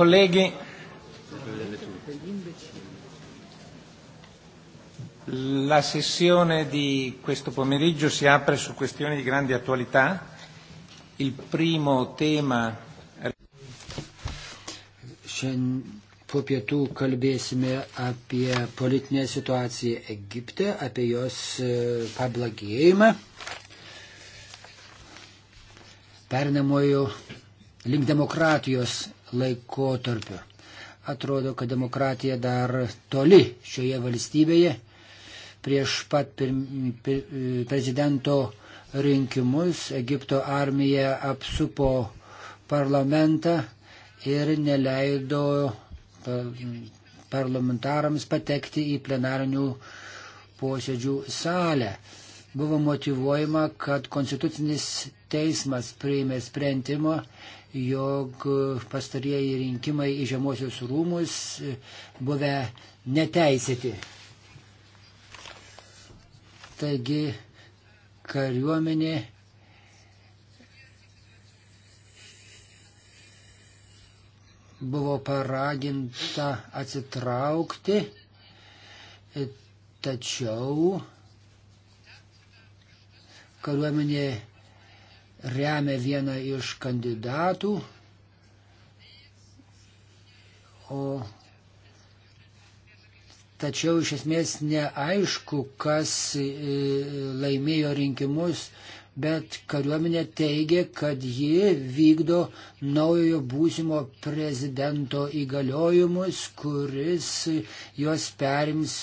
Colleghi, la sessione di questo pomeriggio si apre su questioni di grande attualità. Il primo tema. Šiandien po pietų kalbėsime apie politinę situaciją Egipte, apie jos e, pablagėjimą. Perinamojo link demokratijos laikotarpiu. Atrodo, kad demokratija dar toli šioje valstybėje. Prieš pat pirm, pir, e, prezidento rinkimus Egipto armija apsupo parlamentą ir neleido parlamentarams patekti į plenarinių posėdžių salę. Buvo motivuojama, kad konstitucinis teismas priėmė sprendimą jog pastarieji rinkimai į žemosios rūmus buvę neteisėti. Taigi kariuomenė buvo paraginta atsitraukti, tačiau kariuomenė remia vieną iš kandidatų, o tačiau iš esmės neaišku, kas e, laimėjo rinkimus, bet kariuomenė teigia, kad ji vykdo naujojo būsimo prezidento įgaliojimus, kuris juos perims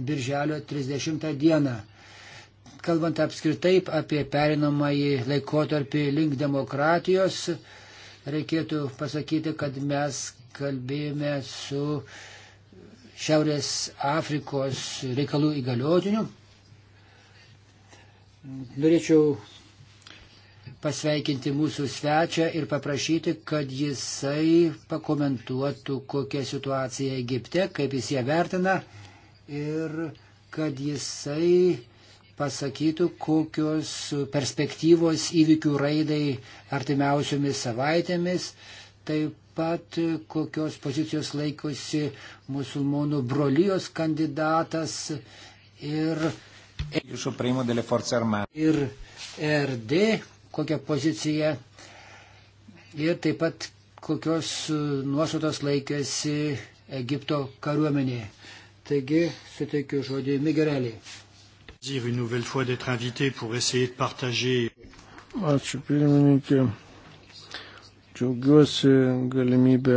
birželio 30 dieną kalbant apskritai apie perinamąjį laikotarpį link demokratijos, reikėtų pasakyti, kad mes kalbėjome su Šiaurės Afrikos reikalų įgaliotiniu. Norėčiau pasveikinti mūsų svečią ir paprašyti, kad jisai pakomentuotų, kokia situacija Egipte, kaip jis ją vertina ir kad jisai pasakytų, kokios perspektyvos įvykių raidai artimiausiomis savaitėmis, taip pat kokios pozicijos laikosi musulmonų brolijos kandidatas ir, ir RD, kokią poziciją ir taip pat kokios nuostatos laikėsi Egipto kariuomenėje. Taigi suteikiu žodį Migereliai. Ačiū pirmininkė. Džiaugiuosi galimybę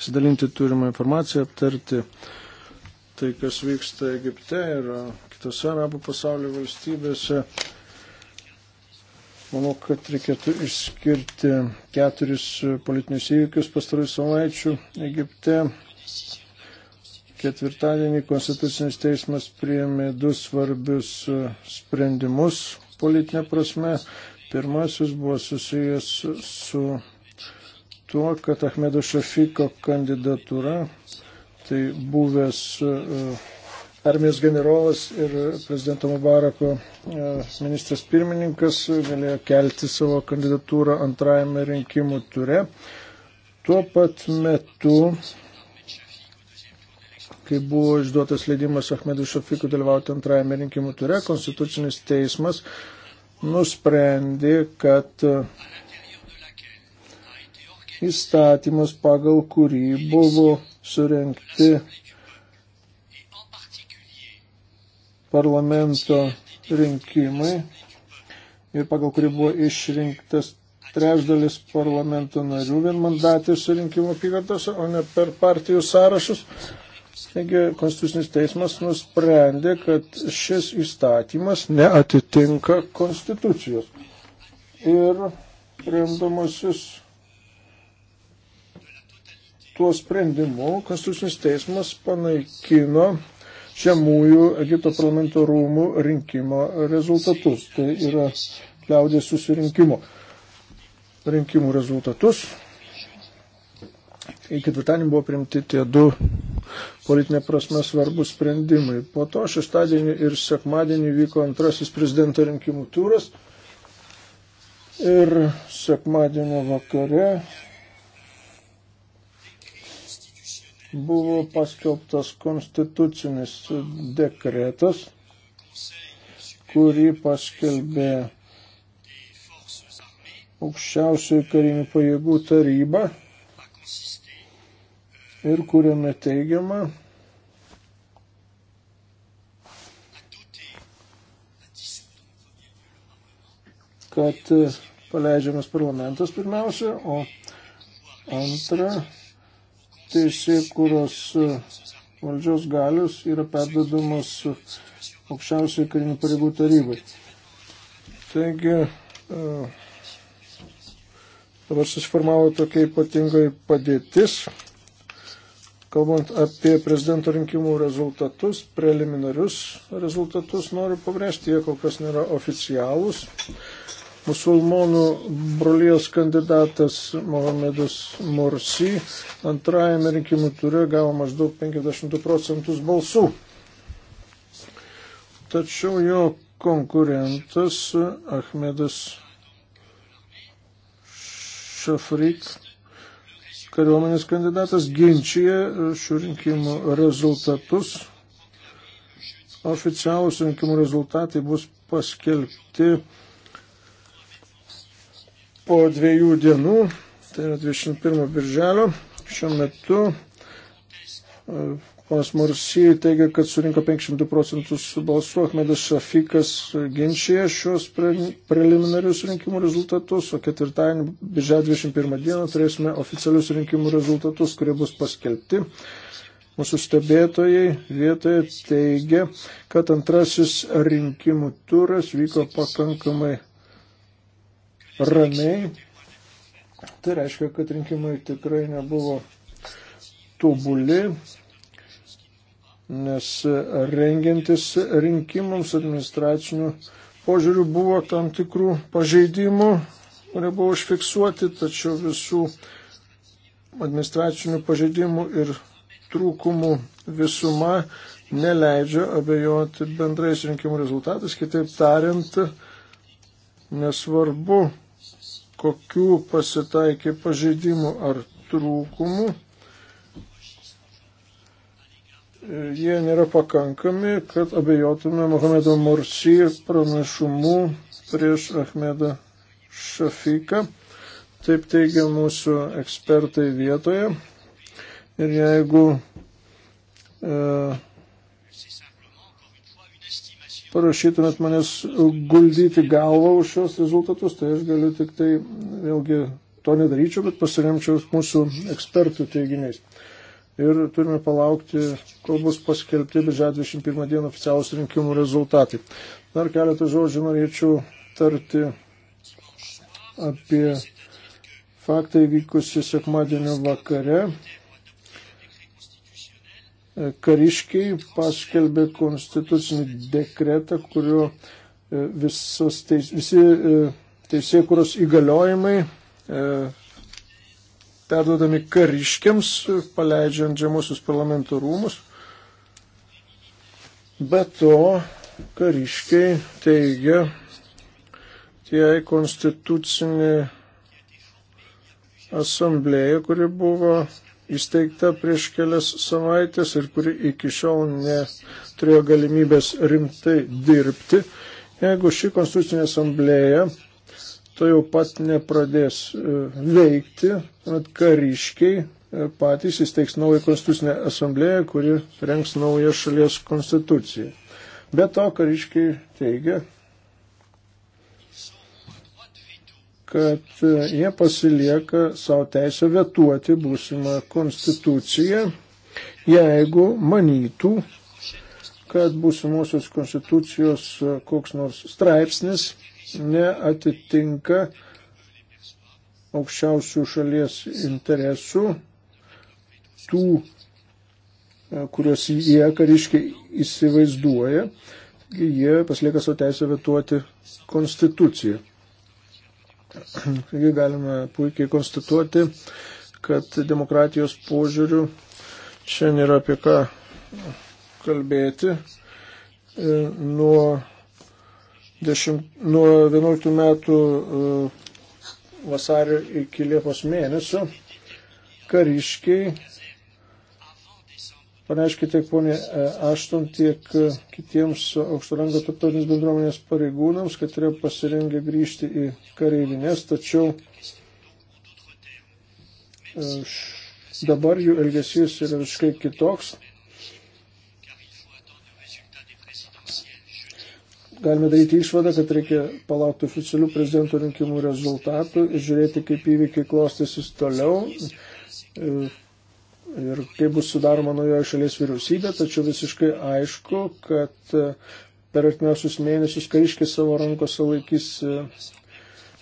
pasidalinti turimą informaciją, aptarti tai, kas vyksta Egipte ir kitose arabų pasaulio valstybėse. Manau, kad reikėtų išskirti keturis politinius įvykius pastarųjų savaičių Egipte. Ketvirtadienį Konstitucinis teismas priėmė du svarbius e, sprendimus politinė prasme. Pirmasis buvo susijęs su tuo, kad Ahmedo Šafiko kandidatūra, tai buvęs e, armijos generolas ir prezidento Mubarako e, ministras pirmininkas galėjo kelti savo kandidatūrą antrajame rinkimų ture. Tuo pat metu kai buvo išduotas leidimas Ahmedui Šafikui dalyvauti antrajame rinkimų ture, Konstitucinis teismas nusprendė, kad e, įstatymas, pagal kurį buvo surenkti parlamento rinkimai ir pagal kurį buvo išrinktas trečdalis parlamento narių vienmandatės rinkimų apygardose, o ne per partijų sąrašus. Taigi Konstitucinis teismas nusprendė, kad šis įstatymas neatitinka Konstitucijos. Ir remdamasis tuo sprendimu Konstitucinis teismas panaikino žemųjų Egipto parlamento rūmų rinkimo rezultatus. Tai yra liaudės susirinkimo rinkimų rezultatus ketvirtadienį buvo primti tie du politinė prasme svarbus sprendimai. Po to šeštadienį ir sekmadienį vyko antrasis prezidento rinkimų turas. Ir sekmadienio vakare buvo paskelbtas konstitucinis dekretas, kurį paskelbė aukščiausiųjų karinių pajėgų taryba ir kuriame teigiama, kad paleidžiamas parlamentas pirmiausia, o antra, teisė, kurios valdžios galios yra perdodamos aukščiausiai karinių pareigų tarybai. Taigi, e, dabar susiformavo tokia ypatingai padėtis, Kalbant apie prezidento rinkimų rezultatus, preliminarius rezultatus, noriu pabrėžti, jie kol kas nėra oficialūs. Musulmonų brolijos kandidatas Mohamedas Morsi antrajame rinkimų ture gavo maždaug 52 procentus balsų. Tačiau jo konkurentas Ahmedas Šafrik kariuomenės kandidatas ginčia e, šių rinkimų rezultatus. Oficialūs rinkimų rezultatai bus paskelbti po dviejų dienų, tai yra 21 birželio. Šiuo metu e, Ponas Mursi teigia, kad surinko 52 procentus balsų, Ahmedas Šafikas ginčia šios pre, preliminarius rinkimų rezultatus, o ketvirtadienį, birželio 21 dieną, turėsime oficialius rinkimų rezultatus, kurie bus paskelbti. Mūsų stebėtojai vietoje teigia, kad antrasis rinkimų turas vyko pakankamai ramiai. Tai reiškia, kad rinkimai tikrai nebuvo tobuli nes rengiantis rinkimams administracinių požiūrių buvo tam tikrų pažeidimų, kurie buvo užfiksuoti, tačiau visų administracinių pažeidimų ir trūkumų visuma neleidžia abejoti bendrais rinkimų rezultatais. Kitaip tariant, nesvarbu, kokių pasitaikė pažeidimų ar trūkumų, jie nėra pakankami, kad abejotume Mohamedo Morsi pranašumu prieš Ahmedą Šafiką. Taip teigia mūsų ekspertai vietoje. Ir jeigu e, parašytumėt manęs guldyti galvą už šios rezultatus, tai aš galiu tik tai, vėlgi, to nedaryčiau, bet pasiremčiau mūsų ekspertų teiginiais ir turime palaukti, kol bus paskelbti birželio 21 dieną oficialūs rinkimų rezultatai. Dar keletą žodžių norėčiau tarti apie faktą įvykusi sekmadienio vakare. Kariškiai paskelbė konstitucinį dekretą, kuriuo e, teis, visi e, teisėkuros įgaliojimai e, perduodami kariškiams, paleidžiant žemusius parlamento rūmus. Be to, kariškiai teigia, tie konstitucinė asamblėja, kuri buvo įsteigta prieš kelias savaitės ir kuri iki šiol neturėjo galimybės rimtai dirbti. Jeigu ši konstitucinė asamblėja to jau pat nepradės e, veikti, kad kariškiai e, patys įsteigs naują konstitucinę asamblėją, kuri renks naują šalies konstituciją. Be to, kariškiai teigia, kad e, jie pasilieka savo teisę vetuoti būsimą konstituciją, jeigu manytų, kad būsimosios konstitucijos koks nors straipsnis neatitinka aukščiausių šalies interesų, tų, e, kuriuos jie kariškiai įsivaizduoja, jie paslieka savo teisę vetuoti konstituciją. Taigi galime puikiai konstatuoti, kad demokratijos požiūrių čia nėra apie ką kalbėti. E, nuo dešimt, nuo 11 metų e, vasario iki Liepos mėnesio kariškiai, paneiškiai tiek ponė e, Ašton, tiek e, kitiems aukštorango tarptautinės bendruomenės pareigūnams, kad yra pasirengę grįžti į kareivinės, tačiau dabar jų elgesys yra visiškai kitoks. galime daryti išvadą, kad reikia palaukti oficialių prezidento rinkimų rezultatų ir žiūrėti, kaip įvykiai klostysis toliau e, ir kaip bus sudaroma naujoje šalies vyriausybė, tačiau visiškai aišku, kad e, per artimiausius mėnesius kariškiai savo rankose laikys e,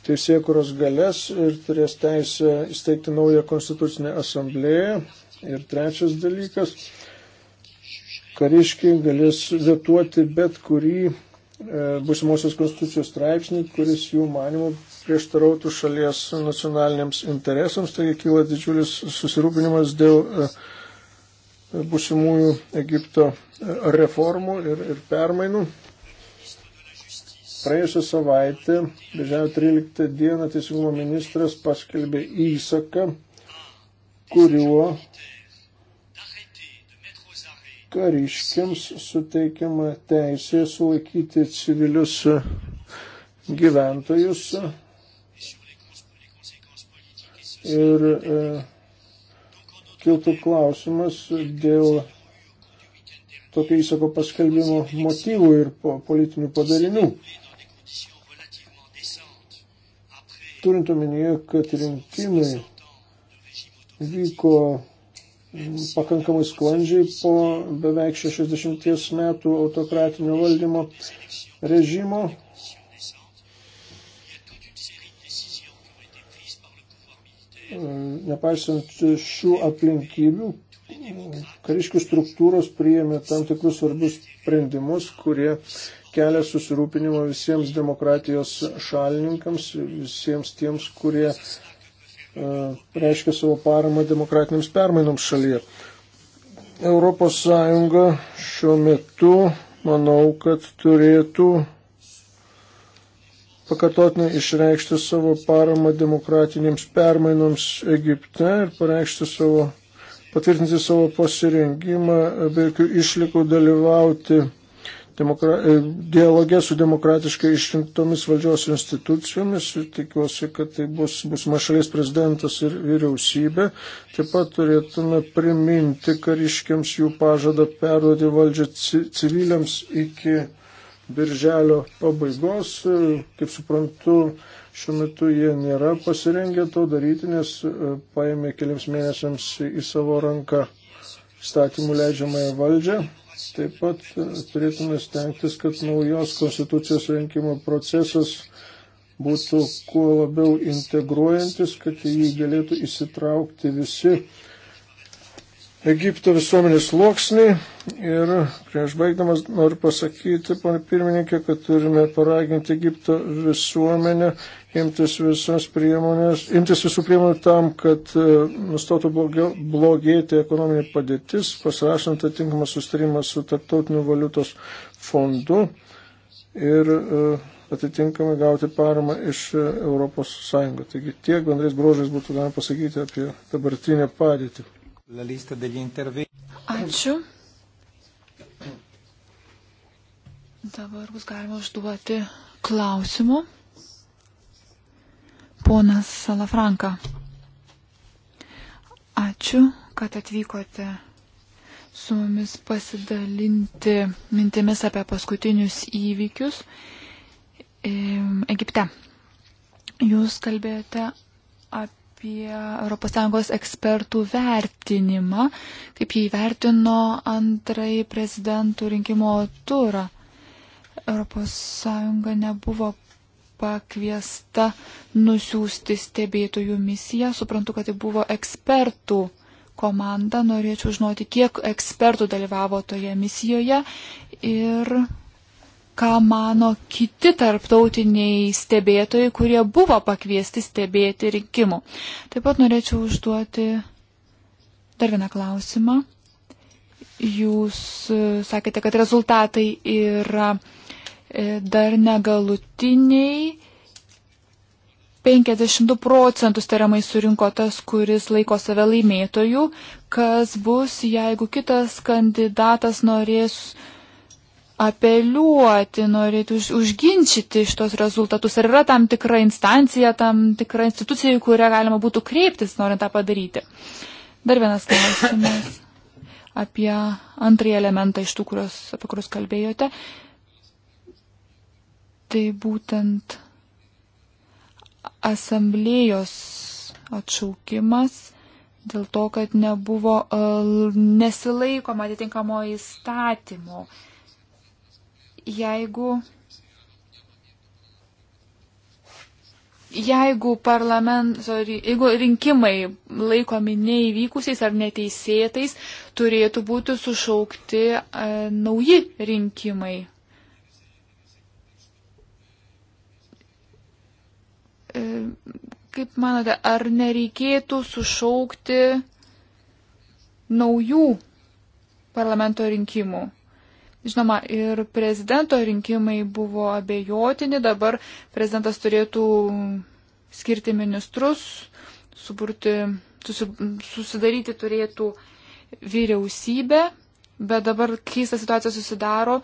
teisėkuros galės ir turės teisę įsteigti naują konstitucinę asamblėją. Ir trečias dalykas, kariškiai galės vetuoti bet kurį E, būsimosios konstitucijos straipsnį, kuris jų manimų prieštarautų šalies nacionaliniams interesams, taigi kyla didžiulis susirūpinimas dėl e, būsimųjų Egipto e, reformų ir, ir permainų. Praėjusią savaitę, birželio 13 dieną, teisingumo ministras paskelbė įsaką, kuriuo kariškiams suteikiama teisė sulaikyti civilius gyventojus ir e, kiltų klausimas dėl tokio įsako paskelbimo motyvų ir po, politinių padarinių. Turint omenyje, kad rinkimai vyko pakankamai sklandžiai po beveik 60 metų autokratinio valdymo režimo. Nepaisant šių aplinkybių, kariškių struktūros priėmė tam tikrus svarbus sprendimus, kurie kelia susirūpinimą visiems demokratijos šalininkams, visiems tiems, kurie uh, E, reiškia savo paramą demokratiniams permainoms šalyje. Europos Sąjunga šiuo metu, manau, kad turėtų pakartotinai išreikšti savo paramą demokratinėms permainoms Egipte ir pareikšti savo, patvirtinti savo pasirengimą, be jokių išlikų dalyvauti demokra... E, dialogė su demokratiškai išrinktomis valdžios institucijomis ir tikiuosi, kad tai bus, bus mašalies prezidentas ir vyriausybė. Taip pat turėtume priminti kariškiams jų pažadą perduoti valdžią civiliams iki birželio pabaigos. E, kaip suprantu, šiuo metu jie nėra pasirengę to daryti, nes e, paėmė keliams mėnesiams į savo ranką statymų leidžiamąją valdžią Taip pat turėtume stengtis, kad naujos konstitucijos rinkimo procesas būtų kuo labiau integruojantis, kad į jį galėtų įsitraukti visi Egipto visuomenės sluoksniai. Ir prieš baigdamas noriu pasakyti, ponė pirmininkė, kad turime paraginti Egipto visuomenę imtis, imtis visų priemonių tam, kad e, nustotų blogėti ekonominė padėtis, pasirašant atitinkamą sustarimą su Tarptautiniu valiutos fondu ir e, atitinkamai gauti paramą iš ES. Taigi tiek bendrais brožais būtų galima pasakyti apie dabartinę padėtį. Ačiū. Dabar bus galima užduoti klausimų. Ponas Salafranka, ačiū, kad atvykote su mumis pasidalinti mintimis apie paskutinius įvykius Egipte. Jūs kalbėjote apie ES ekspertų vertinimą, kaip jį vertino antrąjį prezidentų rinkimo turą. ES nebuvo pakviesta nusiųsti stebėtojų misiją. Suprantu, kad tai buvo ekspertų komanda. Norėčiau žinoti, kiek ekspertų dalyvavo toje misijoje ir ką mano kiti tarptautiniai stebėtojai, kurie buvo pakviesti stebėti rinkimų. Taip pat norėčiau užduoti dar vieną klausimą. Jūs e, sakėte, kad rezultatai yra e, dar negalutiniai. 52 procentus tariamai surinko tas, kuris laiko save laimėtoju, kas bus, jeigu kitas kandidatas norės apeliuoti, norėti už, užginčyti šitos rezultatus? Ar yra tam tikra instancija, tam tikra institucija, į kurią galima būtų kreiptis, norint tą padaryti? Dar vienas klausimas apie antrąjį elementą iš tų, kurios, apie kuriuos kalbėjote. Tai būtent asamblėjos atšaukimas dėl to, kad nebuvo e, nesilaikoma atitinkamo įstatymo. Uh, jeigu, jeigu parlamento, jeigu rinkimai laikomi neįvykusiais ar neteisėtais, turėtų būti sušaukti e, nauji rinkimai. E, kaip manote, ar nereikėtų sušaukti naujų parlamento rinkimų? Žinoma, ir prezidento rinkimai buvo abejotini, dabar prezidentas turėtų skirti ministrus, suburti, susi, susidaryti turėtų vyriausybę, bet dabar keista situacija susidaro,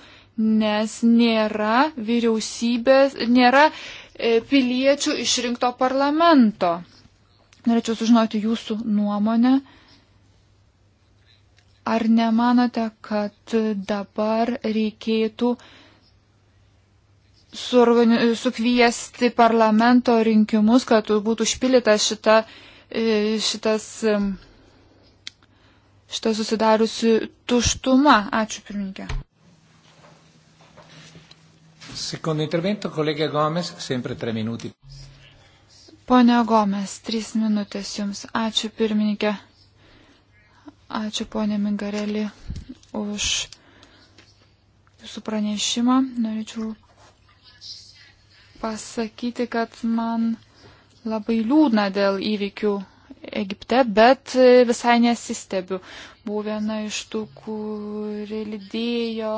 nes nėra vyriausybės, nėra e, piliečių išrinkto parlamento. Norėčiau sužinoti jūsų nuomonę Ar nemanote, kad dabar reikėtų sukviesti parlamento rinkimus, kad būtų užpilita šita, e, šitas, e, šita susidariusi tuštuma? Ačiū, pirmininkė. Secondo intervento, kolega Gomes, sempre tre minuti. Pone Gomes, trys minutės jums. Ačiū, pirmininkė. Ačiū ponė Mingarelį už jūsų pranešimą. Norėčiau pasakyti, kad man labai liūdna dėl įvykių Egipte, bet visai nesistebiu. Buvau viena iš tų, kuri lydėjo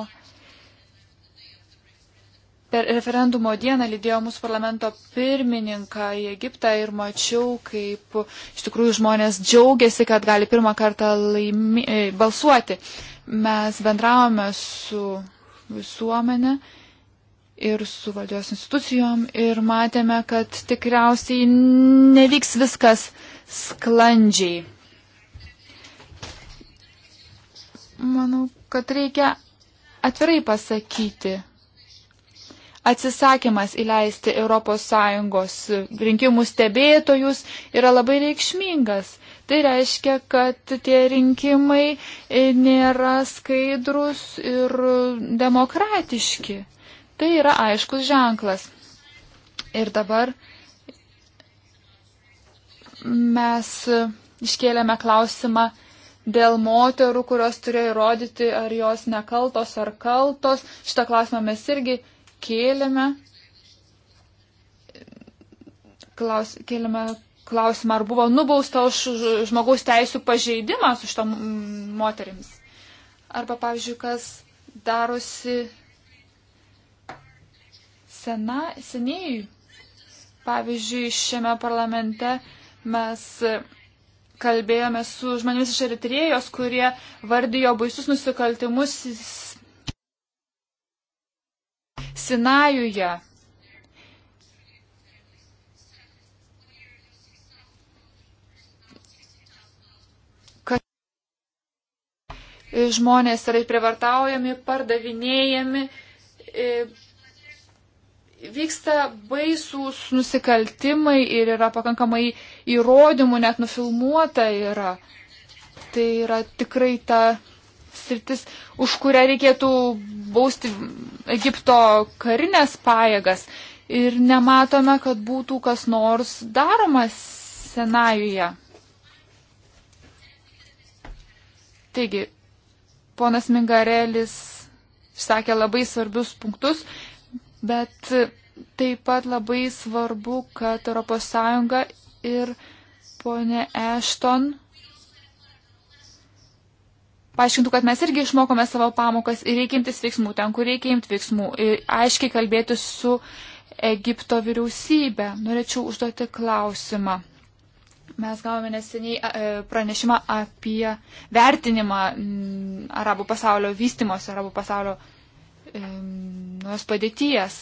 per referendumo dieną lydėjau mūsų parlamento pirmininką į Egiptą ir mačiau, kaip iš tikrųjų žmonės džiaugiasi, kad gali pirmą kartą laimi, e, balsuoti. Mes bendravome su visuomenė ir su valdžios institucijom ir matėme, kad tikriausiai nevyks viskas sklandžiai. Manau, kad reikia atvirai pasakyti atsisakymas įleisti ES rinkimų stebėtojus yra labai reikšmingas. Tai reiškia, kad tie rinkimai nėra skaidrus ir demokratiški. Tai yra aiškus ženklas. Ir dabar mes iškėlėme klausimą, dėl moterų, kurios turėjo įrodyti, ar jos nekaltos ar kaltos. Šitą klausimą mes irgi kėlėme, klaus, kėlėme klausimą, ar buvo nubausta už žmogaus teisų pažeidimą su šitom moterims. Arba, pavyzdžiui, kas darosi sena, seniai. Pavyzdžiui, šiame parlamente mes kalbėjome su žmonėmis iš Eritrėjos, kurie vardijo baisius nusikaltimus Sinajuje. Žmonės yra privartaujami, pardavinėjami, e, vyksta baisūs nusikaltimai ir yra pakankamai įrodymų, net nufilmuota yra. Tai yra tikrai ta sritis, už kurią reikėtų bausti Egipto karinės pajėgas. Ir nematome, kad būtų kas nors daroma Senajuje. Taigi, ponas Mingarelis išsakė labai svarbius punktus, bet taip pat labai svarbu, kad ES ir ponė Ešton paaiškintų, kad mes irgi išmokome savo pamokas ir reikia imtis veiksmų ten, kur reikia imti veiksmų. Ir aiškiai kalbėti su Egipto vyriausybė. Norėčiau užduoti klausimą. Mes gavome neseniai e, pranešimą apie vertinimą mm, arabų pasaulio vystimos, arabų pasaulio nuos padėties.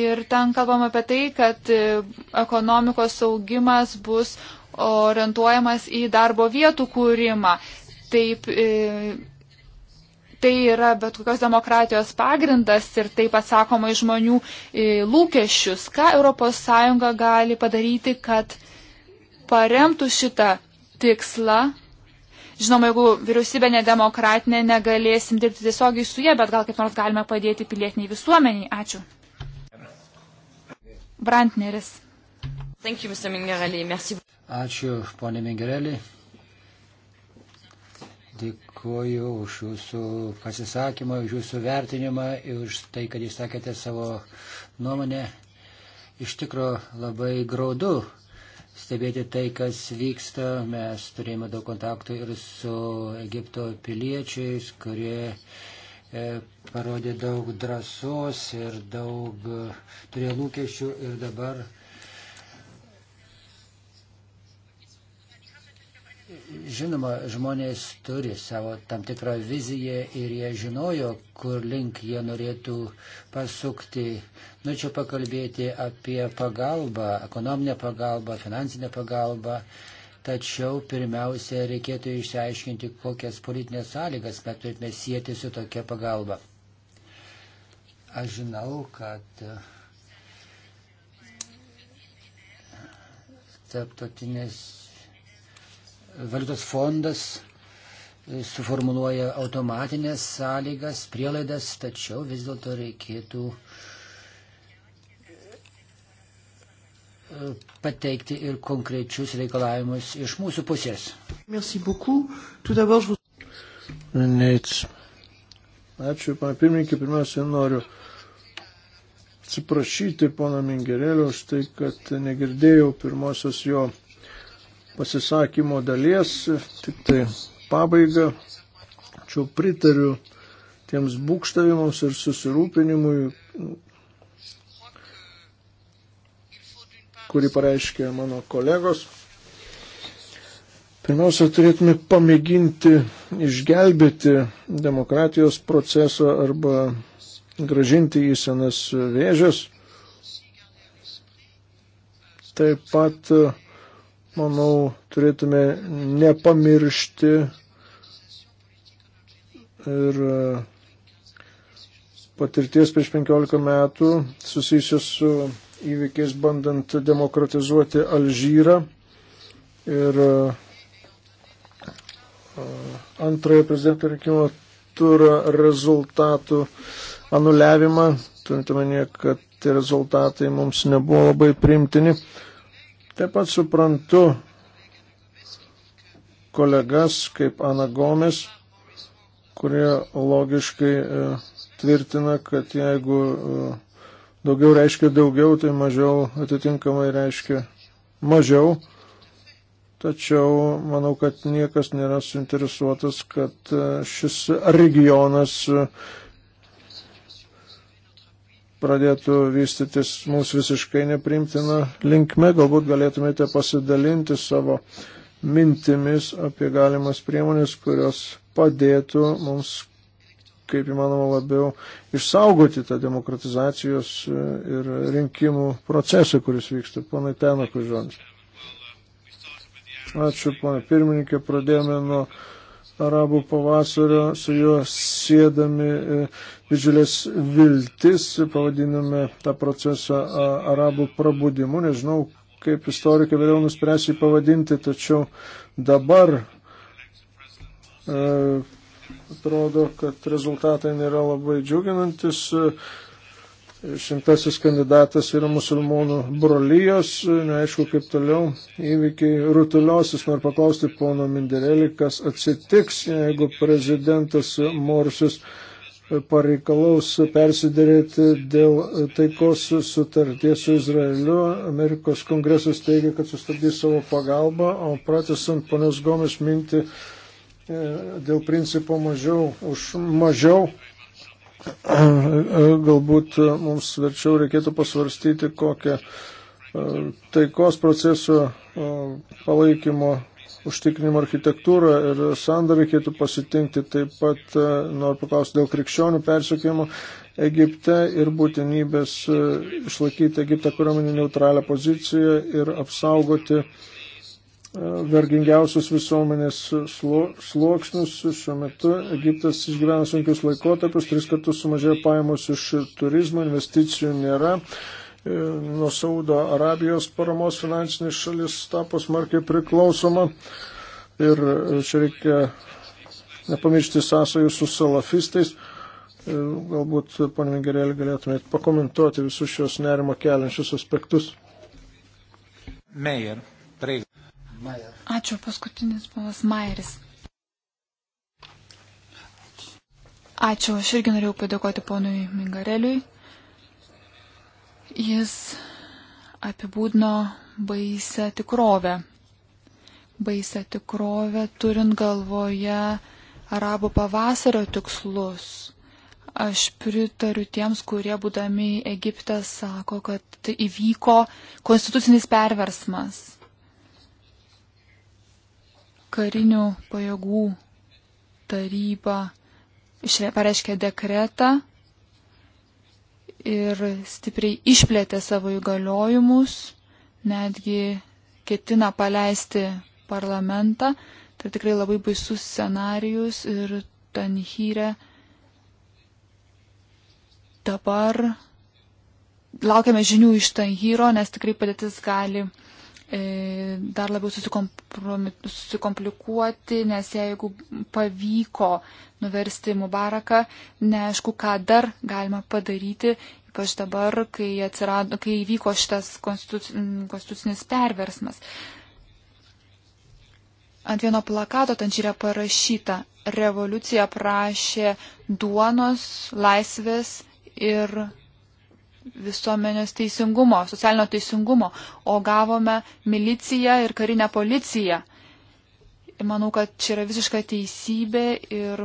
Ir ten kalbam apie tai, kad e, ekonomikos augimas bus orientuojamas į darbo vietų kūrimą. Taip, e, tai yra bet kokios demokratijos pagrindas ir taip atsakoma į žmonių e, lūkesčius. Ką ES gali padaryti, kad paremtų šitą tikslą? Žinoma, jeigu vyriausybė nedemokratinė, negalėsim dirbti tiesiogiai su jie, bet gal kaip nors galime padėti pilietiniai visuomeniai. Ačiū. Brantneris. Thank you, Mr. Mingarelli. Merci. Ačiū, ponė Mingarelli. Dėkuoju už jūsų pasisakymą, už jūsų vertinimą ir už tai, kad jūs sakėte savo nuomonę. Iš tikrųjų labai graudu stebėti tai, kas vyksta. Mes turėjome daug kontaktų ir su Egipto piliečiais, kurie e, parodė daug drąsos ir daug turėjo lūkesčių ir dabar Žinoma, žmonės turi savo tam tikrą viziją ir jie žinojo, kur link jie norėtų pasukti. Norėčiau nu, pakalbėti apie pagalbą, ekonominę pagalbą, finansinę pagalbą. Tačiau pirmiausia, reikėtų išsiaiškinti, kokias politinės sąlygas mes turėtume sieti su tokia pagalba. Aš žinau, kad tarptautinės valiutos fondas e, suformuluoja automatinės sąlygas, prielaidas, tačiau vis dėlto reikėtų e, pateikti ir konkrečius reikalavimus iš mūsų pusės. Neits. Ačiū, pana pirmininkė, pirmiausia, noriu atsiprašyti pana Mingerėlio už tai, kad negirdėjau pirmosios jo pasisakymo dalies, tik tai pabaigą. Čia pritariu tiems būkštavimams ir susirūpinimui, kurį pareiškė mano kolegos. Pirmiausia, turėtume pamėginti išgelbėti demokratijos procesą arba gražinti į senas vėžės. Taip pat uh, manau, turėtume nepamiršti ir e, patirties prieš 15 metų susijusios su įvykiais bandant demokratizuoti Alžyrą ir e, e, antrojo prezidento rinkimo turo rezultatų anuliavimą, turint omenyje, kad tie rezultatai mums nebuvo labai primtini. Taip pat suprantu kolegas kaip Ana Gomes, kurie logiškai e, tvirtina, kad jeigu e, daugiau reiškia daugiau, tai mažiau atitinkamai reiškia mažiau. Tačiau manau, kad niekas nėra suinteresuotas, kad e, šis regionas pradėtų vystytis mums visiškai neprimtina linkme. Galbūt galėtumėte pasidalinti savo mintimis apie galimas priemonės, kurios padėtų mums kaip įmanoma labiau išsaugoti tą demokratizacijos e, ir rinkimų procesą, kuris vyksta. Pana Tenakų žodis. Ačiū, pana pirmininkė, pradėjome nuo arabų pavasario, su juo sėdami e, didžiulės viltis, pavadiname tą procesą arabų prabudimu. Nežinau, kaip istorikai vėliau nuspręs jį pavadinti, tačiau dabar e, atrodo, kad rezultatai nėra labai džiuginantis. E, šimtasis kandidatas yra musulmonų brolyjos, neaišku kaip toliau įvykiai rutuliosis, noriu paklausti pono Minderelį, kas atsitiks, jeigu prezidentas Morsis pareikalaus persidėrėti dėl taikos sutarties su Izraeliu. Amerikos kongresas teigia, kad sustabdys savo pagalbą, o pratesant ponios Gomes minti e, dėl principo mažiau už mažiau galbūt e, mums verčiau reikėtų pasvarstyti, kokią e, taikos proceso e, palaikymo užtikrinimo architektūrą ir sandą reikėtų pasitinkti. Taip pat noriu paklausti dėl krikščionių persikėjimo Egipte ir būtinybės išlaikyti Egiptą kariuomenį neutralią poziciją ir apsaugoti uh, E, vergingiausius visuomenės sluoksnius. Šiuo metu Egiptas išgyvena sunkius laikotarpius, tris kartus sumažėjo pajamos iš turizmo, investicijų nėra. E, nuo Saudo Arabijos paramos finansinės šalis tapo smarkiai priklausoma. Ir čia reikia nepamiršti sąsajų su salafistais. E, galbūt, ponė Mingerėlė, galėtumėte pakomentuoti visus šios nerimo keliančius aspektus. Meyer. Mayer. Ačiū, paskutinis ponas Mayeris. Ačiū, aš irgi norėjau padėkoti ponui Mingareliui. Jis apibūdino baisę tikrovę. Baisę tikrovę turint galvoje arabų pavasario tikslus. Aš pritariu tiems, kurie būdami Egipte sako, kad tai įvyko konstitucinis perversmas karinių pajėgų taryba pareiškė dekretą ir stipriai išplėtė savo įgaliojimus, netgi ketina paleisti parlamentą. Tai tikrai labai baisus scenarius ir Tanhyre dabar laukiame žinių iš Tanhyro, nes tikrai padėtis gali E, dar labiau susikomplikuoti, nes jeigu pavyko nuversti Mubaraką, neaišku, ką dar galima padaryti, ypač dabar, kai, atsirado, kai įvyko šitas konstitucinis perversmas. Ant vieno plakato tančyre parašyta, revoliucija prašė duonos, laisvės ir visuomenės teisingumo, socialinio teisingumo, o gavome miliciją ir karinę policiją. Manau, kad čia yra visiška teisybė ir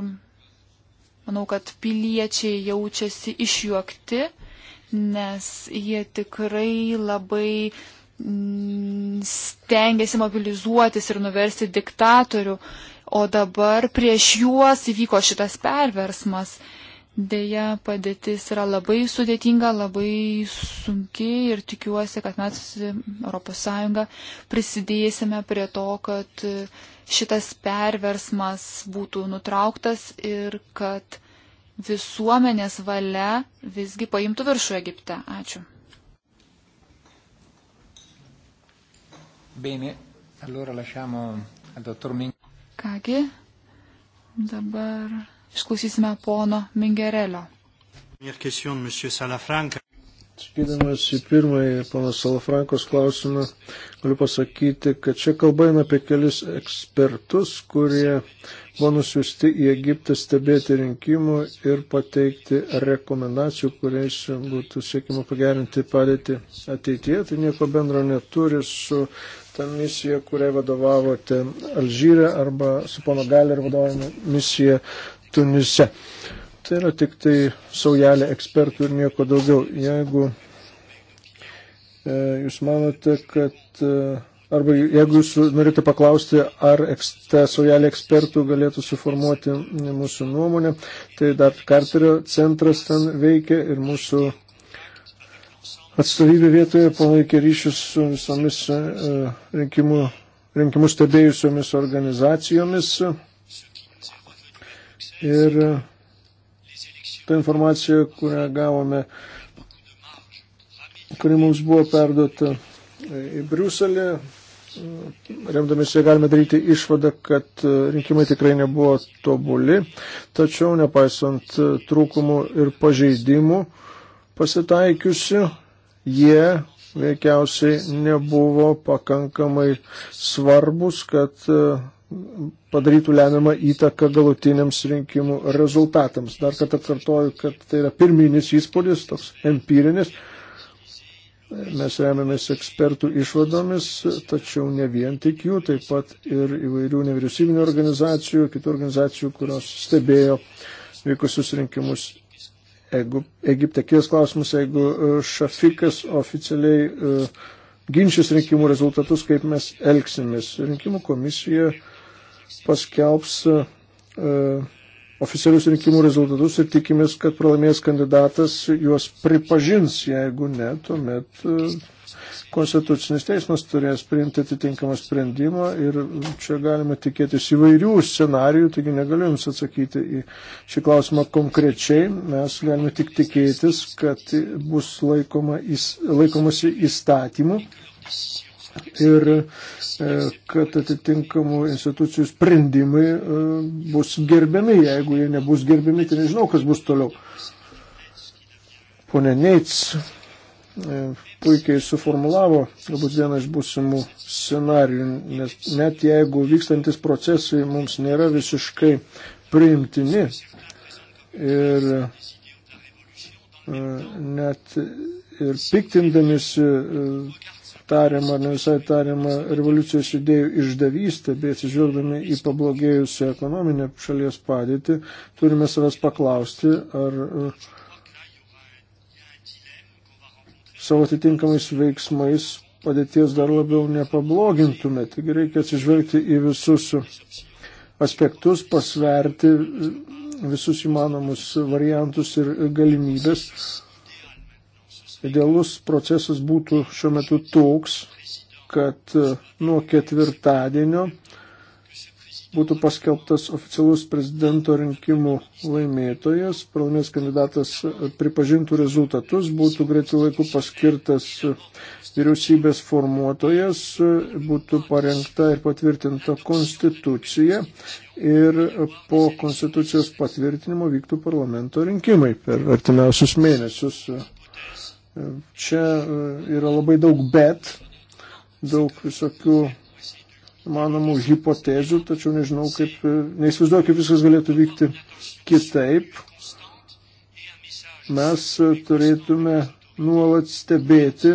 manau, kad piliečiai jaučiasi išjuokti, nes jie tikrai labai mm, stengiasi mobilizuotis ir nuversti diktatorių, o dabar prieš juos įvyko šitas perversmas. Deja, padėtis yra labai sudėtinga, labai sunki ir tikiuosi, kad mes ES prisidėsime prie to, kad šitas perversmas būtų nutrauktas ir kad visuomenės valia visgi paimtų viršų Egipte. Ačiū. Bene, allora lasciamo al dottor Ming. Kągi, dabar Išklausysime pono Mingerelio. Atsakydamas į pirmąjį pana Salafrankos klausimą, galiu pasakyti, kad čia kalba eina apie kelis ekspertus, kurie buvo nusiųsti į Egiptą stebėti rinkimų ir pateikti rekomendacijų, kuriais būtų siekima pagerinti padėtį ateityje. Tai nieko bendro neturi su ta misija, kuriai vadovavote Alžyre arba su pono Galer vadovaujama misija Tunise. Tai yra tik tai saujelė ekspertų ir nieko daugiau. Jeigu e, jūs manote, kad e, Arba jeigu jūs norite paklausti, ar ta saujelė ekspertų galėtų suformuoti mūsų nuomonę, tai dar Karterio centras ten veikia ir mūsų atstovybė vietoje palaikė ryšius su visomis e, rinkimų, rinkimų stebėjusiomis organizacijomis. Ir e, ta informacija, kurią gavome, kuri mums buvo perduota e, į Briuselį, e, remdamėsi galime daryti išvadą, kad rinkimai tikrai nebuvo tobuli, tačiau nepaisant trūkumų ir pažeidimų pasitaikiusių, jie veikiausiai nebuvo pakankamai svarbus, kad padarytų lemiamą įtaką galutiniams rinkimų rezultatams. Dar kartą kartuoju, kad tai yra pirminis įspūdis, toks empirinis. Mes remiamės ekspertų išvadomis, tačiau ne vien tik jų, taip pat ir įvairių nevyriausybinio organizacijų, kitų organizacijų, kurios stebėjo vykusius rinkimus Egipte. Kies klausimas, jeigu e, Šafikas oficialiai uh, e, ginčius rinkimų rezultatus, kaip mes elgsimės. Rinkimų komisija uh, paskelbs e, e, oficialius rinkimų rezultatus ir tikimės, kad pralaimėjęs kandidatas juos pripažins. Jeigu ne, tuomet e, Konstitucinis teismas turės priimti atitinkamą sprendimą ir čia galima tikėtis įvairių scenarijų, taigi negaliu Jums atsakyti į šį klausimą konkrečiai. Mes galime tik tikėtis, kad bus laikoma, įs, laikomasi įstatymų ir e, kad atitinkamų institucijų sprendimai e, bus gerbiami. Jeigu jie nebus gerbiami, tai nežinau, kas bus toliau. Pone Neits e, puikiai suformulavo, galbūt vieną iš būsimų scenarių, nes net jeigu vykstantis procesai mums nėra visiškai priimtini ir net ir piktindamėsi tariamą, ne visai tariamą revoliucijos idėjų išdavystę, bei atsižvelgdami į pablogėjusią ekonominę šalies padėtį, turime savęs paklausti, ar e, savo atitinkamais veiksmais padėties dar labiau nepablogintume. Taigi reikia atsižvelgti į visus aspektus, pasverti e, visus įmanomus variantus ir galimybės Idealus procesas būtų šiuo metu toks, kad e, nuo ketvirtadienio būtų paskelbtas oficialus prezidento rinkimų laimėtojas, pralaimės kandidatas e, pripažintų rezultatus, būtų greitai laiku paskirtas e, vyriausybės formuotojas, būtų parengta ir patvirtinta konstitucija ir po konstitucijos patvirtinimo vyktų parlamento rinkimai per artimiausius mėnesius. Čia e, yra labai daug bet, daug visokių manomų hipotezių, tačiau nežinau, kaip, e, neįsivaizduoju, kaip viskas galėtų vykti kitaip. Mes turėtume nuolat stebėti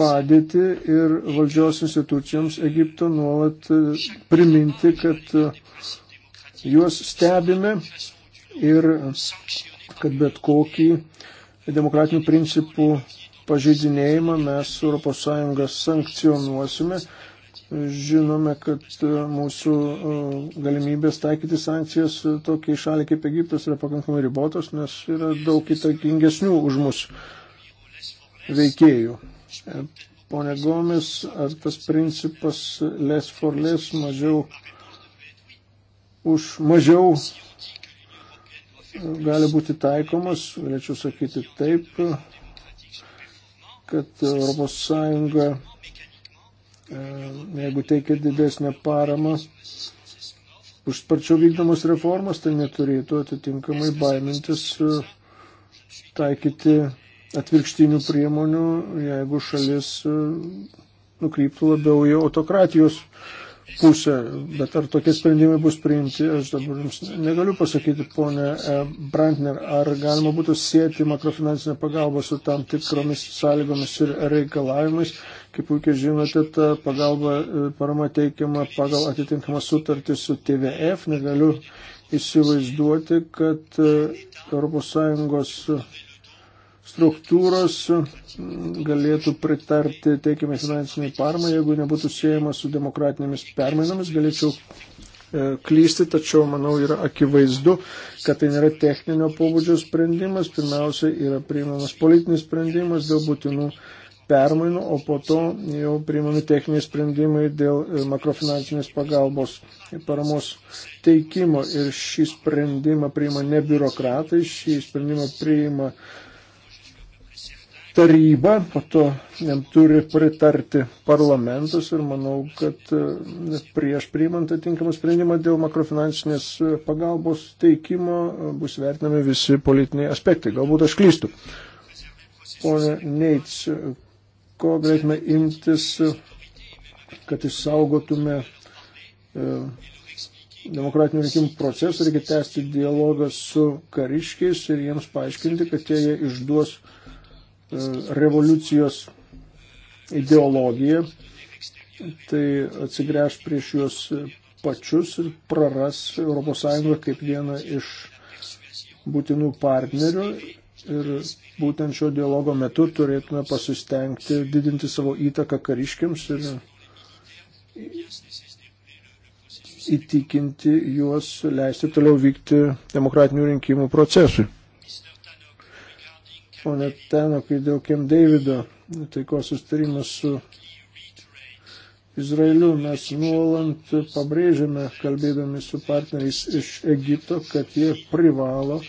padėtį ir valdžios institucijoms Egipto nuolat e, priminti, kad juos stebime ir kad bet kokį uh, demokratinių principų pažeidinėjimą mes ES sankcionuosime. Žinome, kad e, mūsų e, galimybės taikyti sankcijas e, tokiai šaliai kaip Egiptas yra pakankamai ribotos, nes yra daug įtakingesnių už mus veikėjų. Pone Gomis, ar tas principas less for less, mažiau už mažiau gali būti taikomas, galėčiau sakyti taip, kad ES, e, jeigu teikia didesnę paramą už sparčiau vykdomas reformas, tai neturėtų atitinkamai baimintis e, taikyti atvirkštinių priemonių, jeigu šalis e, nukryptų labiau į autokratijos pusę, bet ar tokie sprendimai bus priimti, aš dabar jums negaliu pasakyti, ponė e, Brantner, ar galima būtų sėti makrofinansinę pagalbą su tam tikromis sąlygomis ir reikalavimais. Kaip puikiai žinote, ta pagalba e, parama teikiama pagal atitinkamą sutartį su TVF. Negaliu įsivaizduoti, kad ES struktūros galėtų pritarti teikiamai finansiniai parmai, jeigu nebūtų siejama su demokratinėmis permainomis, galėčiau e, klysti, tačiau manau yra akivaizdu, kad tai nėra techninio pobūdžio sprendimas, pirmiausia yra priimamas politinis sprendimas dėl būtinų permainų, o po to jau priimami techniniai sprendimai dėl e, makrofinansinės pagalbos paramos teikimo ir šį sprendimą priima ne biurokratai, šį sprendimą priima uh, taryba, po to jam turi pritarti parlamentas ir manau, kad e, prieš priimant atinkamą sprendimą dėl makrofinansinės e, pagalbos teikimo e, bus vertinami visi politiniai aspektai. Galbūt aš klystu. Pone Neits, ko galėtume imtis, kad išsaugotume demokratinių rinkimų procesą, reikia tęsti dialogą su kariškiais ir jiems paaiškinti, kad jie išduos E, revoliucijos ideologija, tai atsigręš prieš juos pačius ir praras ES kaip vieną iš būtinų partnerių. Ir būtent šio dialogo metu turėtume pasistengti didinti savo įtaką kariškiams ir įtikinti juos leisti toliau vykti demokratinių rinkimų procesui ponė Tenokai dėl Kem Davido taikos sustarimas su Izraeliu. Mes nuolant pabrėžiame, kalbėdami su partneriais iš Egipto, kad jie privalo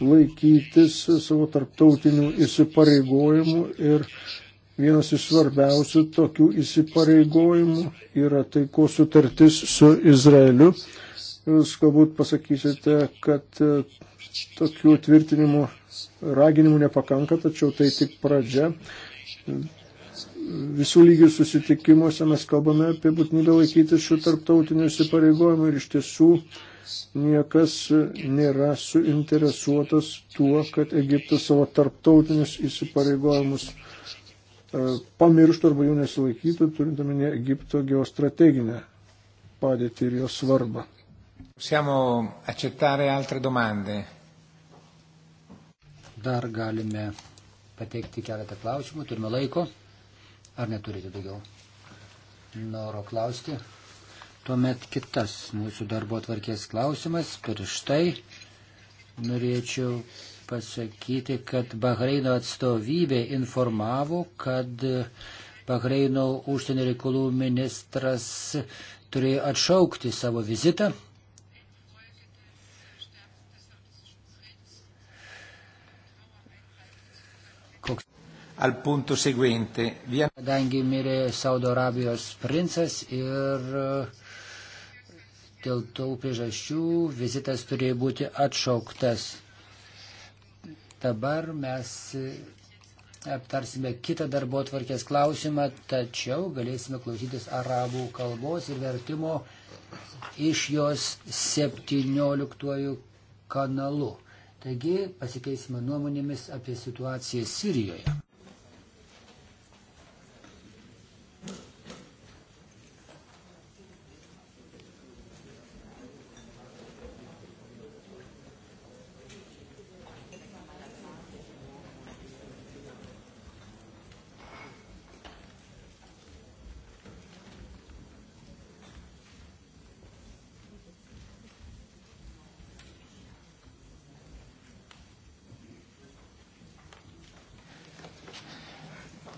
laikytis savo tarptautinių įsipareigojimų ir vienas iš svarbiausių tokių įsipareigojimų yra taikos sutartis su Izraeliu. Jūs galbūt pasakysite, kad tokių tvirtinimų, raginimų nepakanka, tačiau tai tik pradžia. Visų lygių susitikimuose mes kalbame apie būtinybę laikytis šių tarptautinių įsipareigojimų ir iš tiesų niekas nėra suinteresuotas tuo, kad Egiptas savo tarptautinius įsipareigojimus e, pamirštų arba jų nesilaikytų, turint omenyje Egipto geostrateginę padėtį ir jo svarbą. Possiamo accettare altre domande. Dar galime pateikti keletą klausimų. Turime laiko. Ar neturite daugiau noro klausti? Tuomet kitas mūsų darbo tvarkės klausimas. Prieš tai norėčiau pasakyti, kad Bahreino atstovybė informavo, kad Bahreino užsienio reikalų ministras turėjo atšaukti savo vizitą al punto seguente. Vien... Kadangi mirė Saudo Arabijos princas ir e, dėl tų priežasčių vizitas turėjo būti atšauktas. Dabar mes e, aptarsime kitą darbo tvarkės klausimą, tačiau galėsime klausytis arabų kalbos ir vertimo iš jos 17 kanalu. Taigi pasikeisime nuomonėmis apie situaciją Sirijoje.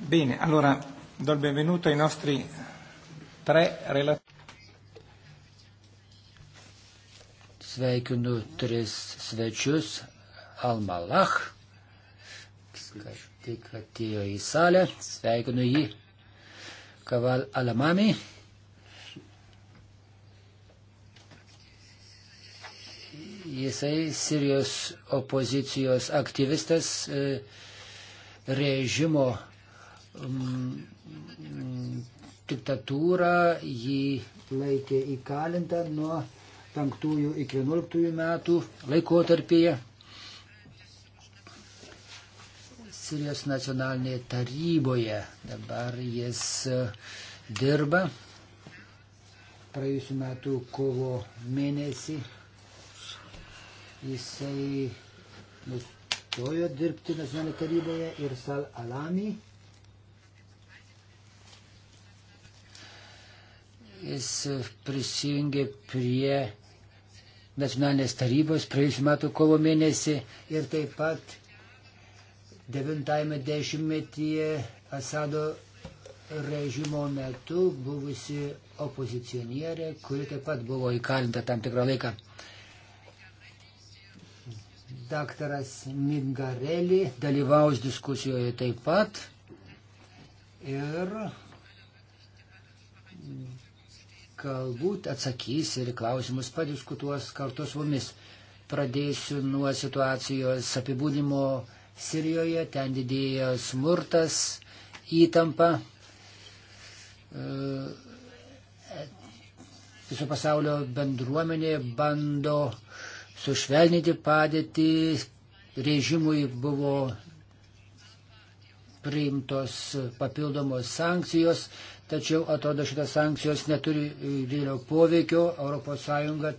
Bene, allora do il benvenuto ai nostri tre relatori. Sveikinu tris svečius. Almalach, kad tik atėjo į salę, sveikinu jį. Kaval Alamami. Jisai Sirijos opozicijos aktyvistas e, režimo Um, diktatūrą, jį laikė įkalintą nuo 5 iki 11 metų laikotarpyje. Sirijos nacionalinėje taryboje dabar jis uh, dirba. Praėjusiu metu kovo mėnesį jisai nustojo dirbti nacionalinėje taryboje ir Sal Alami Jis prisijungė prie nacionalinės tarybos praėjusiu metu kovo mėnesį ir taip pat 90-ame dešimtmetyje Asado režimo metu buvusi opozicionierė, kuri taip pat buvo įkalinta tam tikrą laiką. Daktaras Mingarelli dalyvaus diskusijoje taip pat ir galbūt atsakys ir klausimus padiskutuos kartu su mumis. Pradėsiu nuo situacijos apibūdimo Sirijoje, ten didėja smurtas, įtampa. E, viso pasaulio bendruomenė bando sušvelninti padėtį, režimui buvo priimtos papildomos sankcijos, tačiau atrodo šitas sankcijos neturi e, didelio poveikio. ES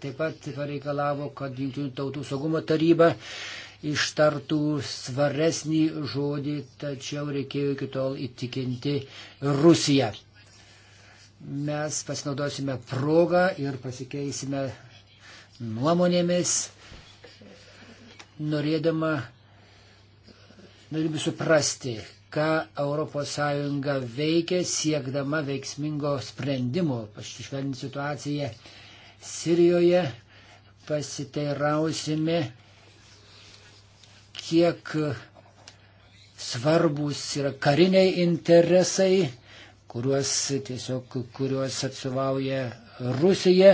taip pat pareikalavo, kad Junktinių tautų saugumo taryba ištartų svaresnį žodį, tačiau reikėjo iki tol įtikinti Rusiją. Mes pasinaudosime progą ir pasikeisime nuomonėmis, norėdama, norėdami suprasti, ką ES veikia siekdama veiksmingo sprendimo, pašvelninti situaciją Sirijoje, pasiteirausime, kiek svarbus yra kariniai interesai, kuriuos tiesiog, kuriuos atsivauja Rusija,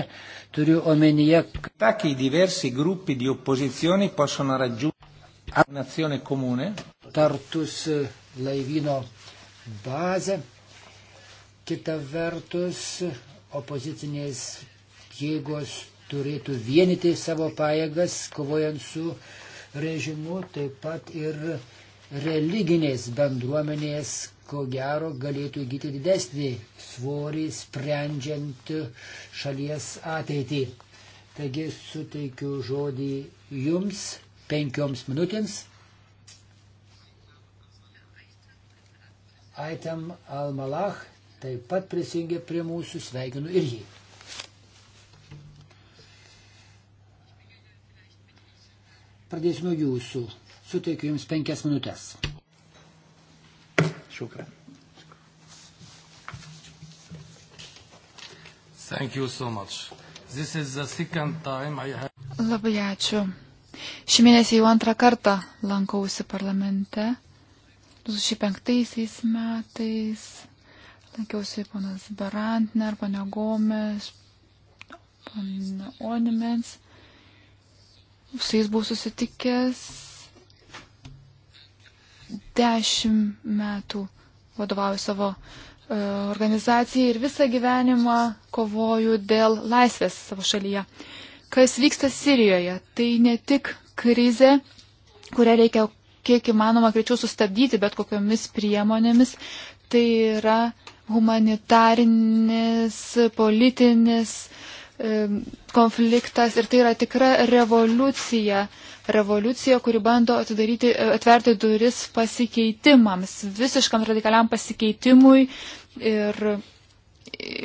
turiu omenyje. Taki diversi gruppi di opposizione possono raggiungere un'azione comune. Tartus laivyno bazę. Kita vertus, opozicinės jėgos turėtų vienyti savo pajėgas, kovojant su režimu, taip pat ir religinės bendruomenės, ko gero, galėtų įgyti didesnį svorį, sprendžiant šalies ateitį. Taigi suteikiu žodį jums penkioms minutėms Aitem Al-Malach taip pat prisijungė prie mūsų, sveikinu ir jį. Pradėsiu nuo jūsų. Suteikiu jums penkias minutės. Šukran. Thank you so much. This is the second time I have... Labai ačiū. Šį mėnesį jau antrą kartą lankausi parlamente 2005 metais lankiausi ponas Barantner, ponio Gomes, ponio Onimens. Su jais buvau susitikęs dešimt metų vadovauju savo e, organizacijai ir visą gyvenimą kovoju dėl laisvės savo šalyje. Kas vyksta Sirijoje, tai ne tik krizė, kurią reikia kiek įmanoma greičiau sustabdyti bet kokiomis priemonėmis. Tai yra humanitarinis, politinis e, konfliktas ir tai yra tikra revoliucija. Revoliucija, kuri bando atidaryti, e, atverti duris pasikeitimams, visiškam radikaliam pasikeitimui ir,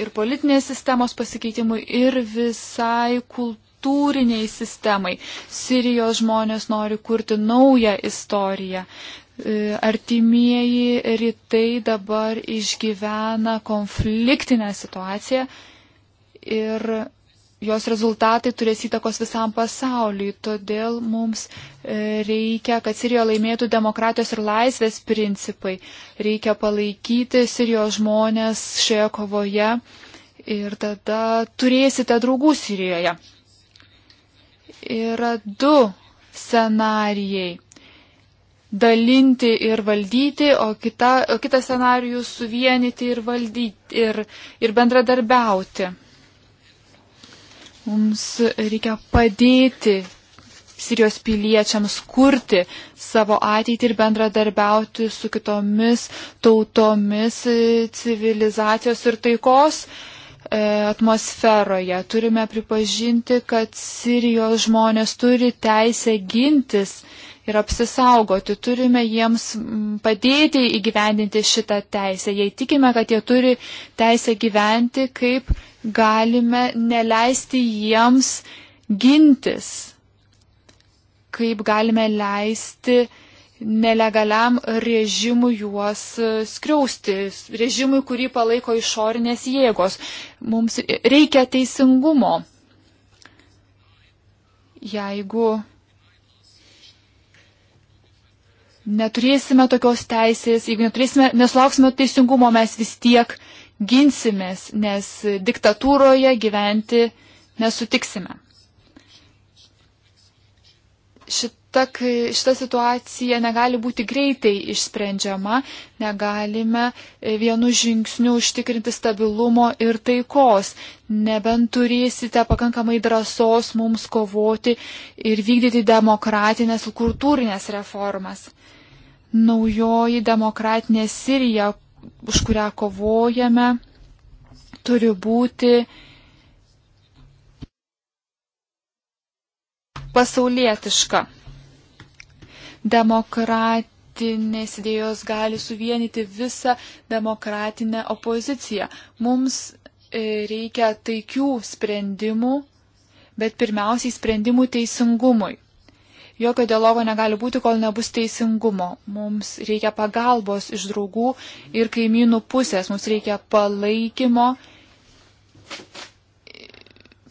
ir politinės sistemos pasikeitimui ir visai kultūrai kultūriniai sistemai. Sirijos žmonės nori kurti naują istoriją. E, artimieji rytai dabar išgyvena konfliktinę situaciją ir jos rezultatai turės įtakos visam pasauliui. Todėl mums e, reikia, kad Sirijoje laimėtų demokratijos ir laisvės principai. Reikia palaikyti Sirijos žmonės šioje kovoje ir tada turėsite draugų Sirijoje yra du scenarijai - dalinti ir valdyti, o, kita, o kitas scenarijus - suvienyti ir valdyti ir, ir bendradarbiauti. Mums reikia padėti Sirijos piliečiams kurti savo ateitį ir bendradarbiauti su kitomis tautomis, civilizacijos ir taikos E, atmosferoje. Turime pripažinti, kad Sirijos žmonės turi teisę gintis ir apsisaugoti. Turime jiems padėti įgyvendinti šitą teisę. Jei tikime, kad jie turi teisę gyventi, kaip galime neleisti jiems gintis. Kaip galime leisti nelegaliam režimui juos e, skriausti, režimui, kurį palaiko išorinės jėgos. Mums reikia teisingumo. Jeigu neturėsime tokios teisės, jeigu neturėsime, nesulauksime teisingumo, mes vis tiek ginsimės, nes diktatūroje gyventi nesutiksime. Šit ta, šita situacija negali būti greitai išsprendžiama, negalime e, vienu žingsniu užtikrinti stabilumo ir taikos, nebent turėsite pakankamai drąsos mums kovoti ir vykdyti demokratinės ir kultūrinės reformas. Naujoji demokratinė Sirija, už kurią kovojame, turi būti pasaulietiška demokratinės idėjos gali suvienyti visą demokratinę opoziciją. Mums e, reikia taikių sprendimų, bet pirmiausiai sprendimų teisingumui. Jokio dialogo negali būti, kol nebus teisingumo. Mums reikia pagalbos iš draugų ir kaimynų pusės, mums reikia palaikymo,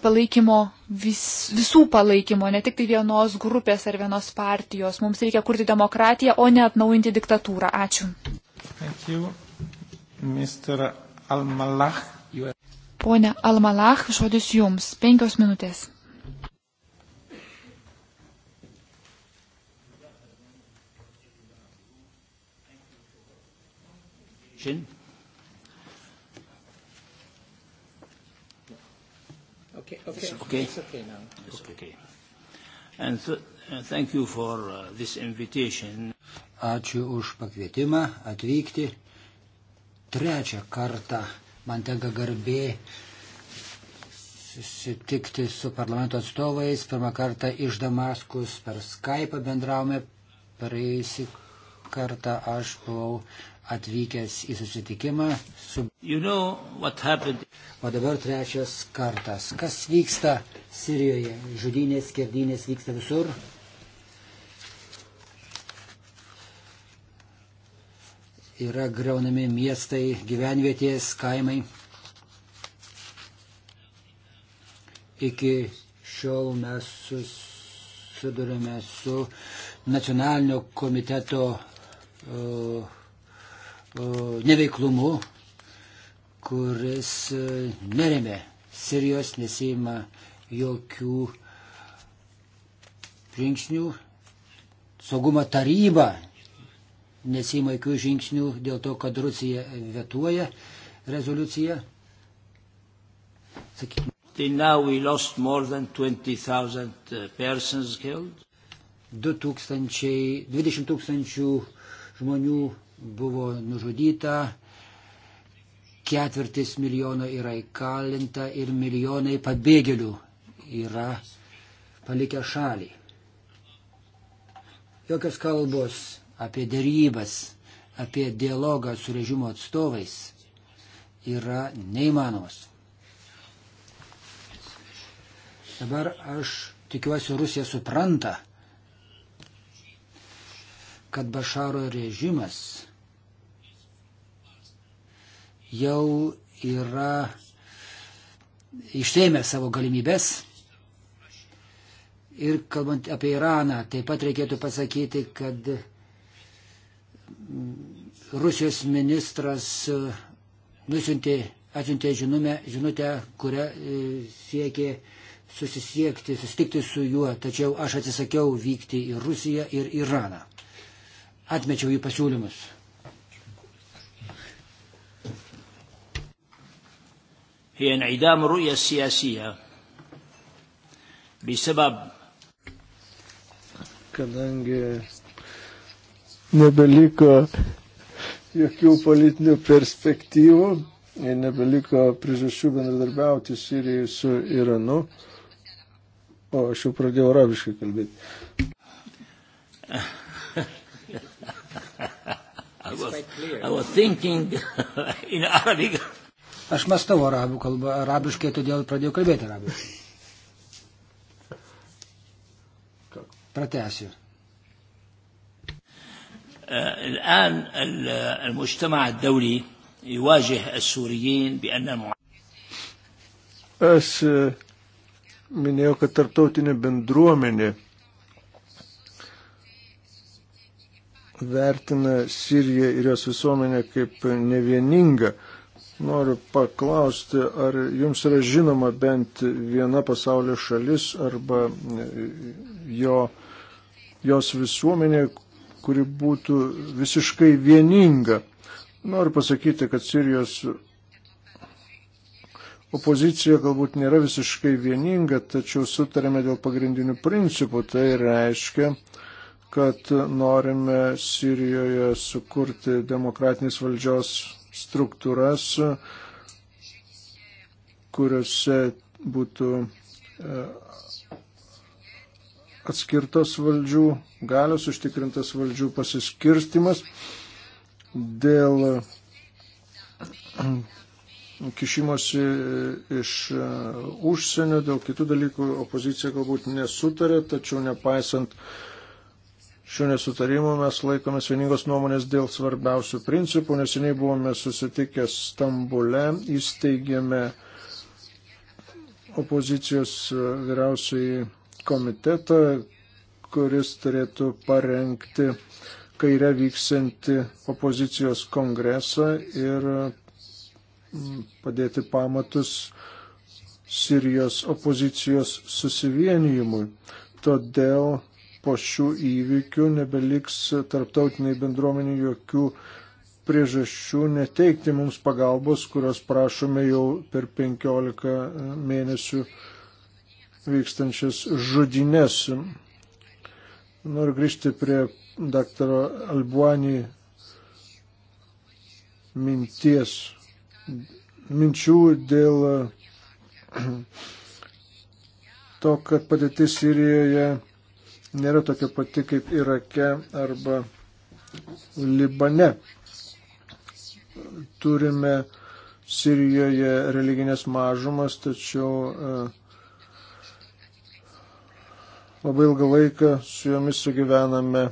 palaikymo vis, visų palaikymo, ne tik tai vienos grupės ar vienos partijos. Mums reikia kurti demokratiją, o ne atnaujinti diktatūrą. Ačiū. Almalach. Pone Almalach, žodis jums. Penkios minutės. Žin. Okay, okay. It's okay. It's okay now. It's okay. okay. And th uh, thank you for uh, this invitation. Ačiū už pakvietimą atvykti. Trečią kartą man tenka garbė susitikti su parlamento atstovais. Pirmą kartą iš Damaskus per Skype bendravome. Praėjusį kartą aš buvau atvykęs į susitikimą su. You know o dabar trečias kartas. Kas vyksta Sirijoje? Žudynės, skerdynės vyksta visur. Yra greunami miestai, gyvenvietės, kaimai. Iki šiol mes susidurime su nacionalinio komiteto uh, neveiklumu, kuris e, neremė Sirijos, nesima jokių žingsnių. Saugumo taryba nesima jokių žingsnių dėl to, kad Rusija vetuoja rezoliuciją. Sakykime. Till now we lost more than 20,000 uh, persons killed. 20 tūkstančių žmonių buvo nužudyta, ketvirtis milijono yra įkalinta ir milijonai pabėgėlių yra palikę šalį. Jokios kalbos apie dėrybas, apie dialogą su režimo atstovais yra neįmanomos. Dabar aš tikiuosi, Rusija supranta, kad Bašaro režimas jau yra išteimę savo galimybės. Ir kalbant apie Iraną, taip pat reikėtų pasakyti, kad mm, Rusijos ministras e, nusintė, atsiuntė žinumę, žinutę, kurią e, siekė susisiekti, susitikti su juo, tačiau aš atsisakiau vykti į Rusiją ir Iraną. Atmečiau jų pasiūlymus. هي انعدام الرؤية السياسية بسبب kadangi nebeliko jokių politinių perspektyvų ir nebeliko priežasčių bendradarbiauti Sirijai su Iranu. O aš jau pradėjau arabiškai kalbėti. I was, I was thinking in Arabic. Aš mastau arabų kalbą, arabiškai, todėl pradėjau kalbėti arabiškai. Pratesiu. الآن المجتمع الدولي يواجه السوريين بأن Aš e, minėjau, kad tarptautinė bendruomenė vertina Siriją ir jos visuomenę kaip nevieningą Noriu paklausti, ar jums yra žinoma bent viena pasaulio šalis arba e, jo, jos visuomenė, kuri būtų visiškai vieninga. Noriu pasakyti, kad Sirijos opozicija galbūt nėra visiškai vieninga, tačiau sutarėme dėl pagrindinių principų. Tai reiškia, kad norime Sirijoje sukurti demokratinės valdžios struktūras, kuriuose būtų e, atskirtos valdžių galios, užtikrintas valdžių pasiskirstimas dėl e, kišimosi e, iš užsienio, dėl kitų dalykų opozicija galbūt nesutarė, tačiau nepaisant uh, šių nesutarimų mes laikomės vieningos nuomonės dėl svarbiausių principų. Neseniai buvome susitikę Stambule, įsteigėme opozicijos vyriausiai komitetą, kuris turėtų parengti kairę vyksianti opozicijos kongresą ir mm, padėti pamatus Sirijos opozicijos susivienijimui. Todėl po šių įvykių nebeliks tarptautiniai bendruomeniai jokių priežasčių neteikti mums pagalbos, kurios prašome jau per 15 mėnesių vykstančias žudinės. Noriu grįžti prie daktaro Albuani minties, minčių dėl to, kad padėtis Sirijoje nėra tokia pati kaip Irake arba Libane. Turime Sirijoje religinės mažumas, tačiau e, labai ilgą laiką su jomis sugyvename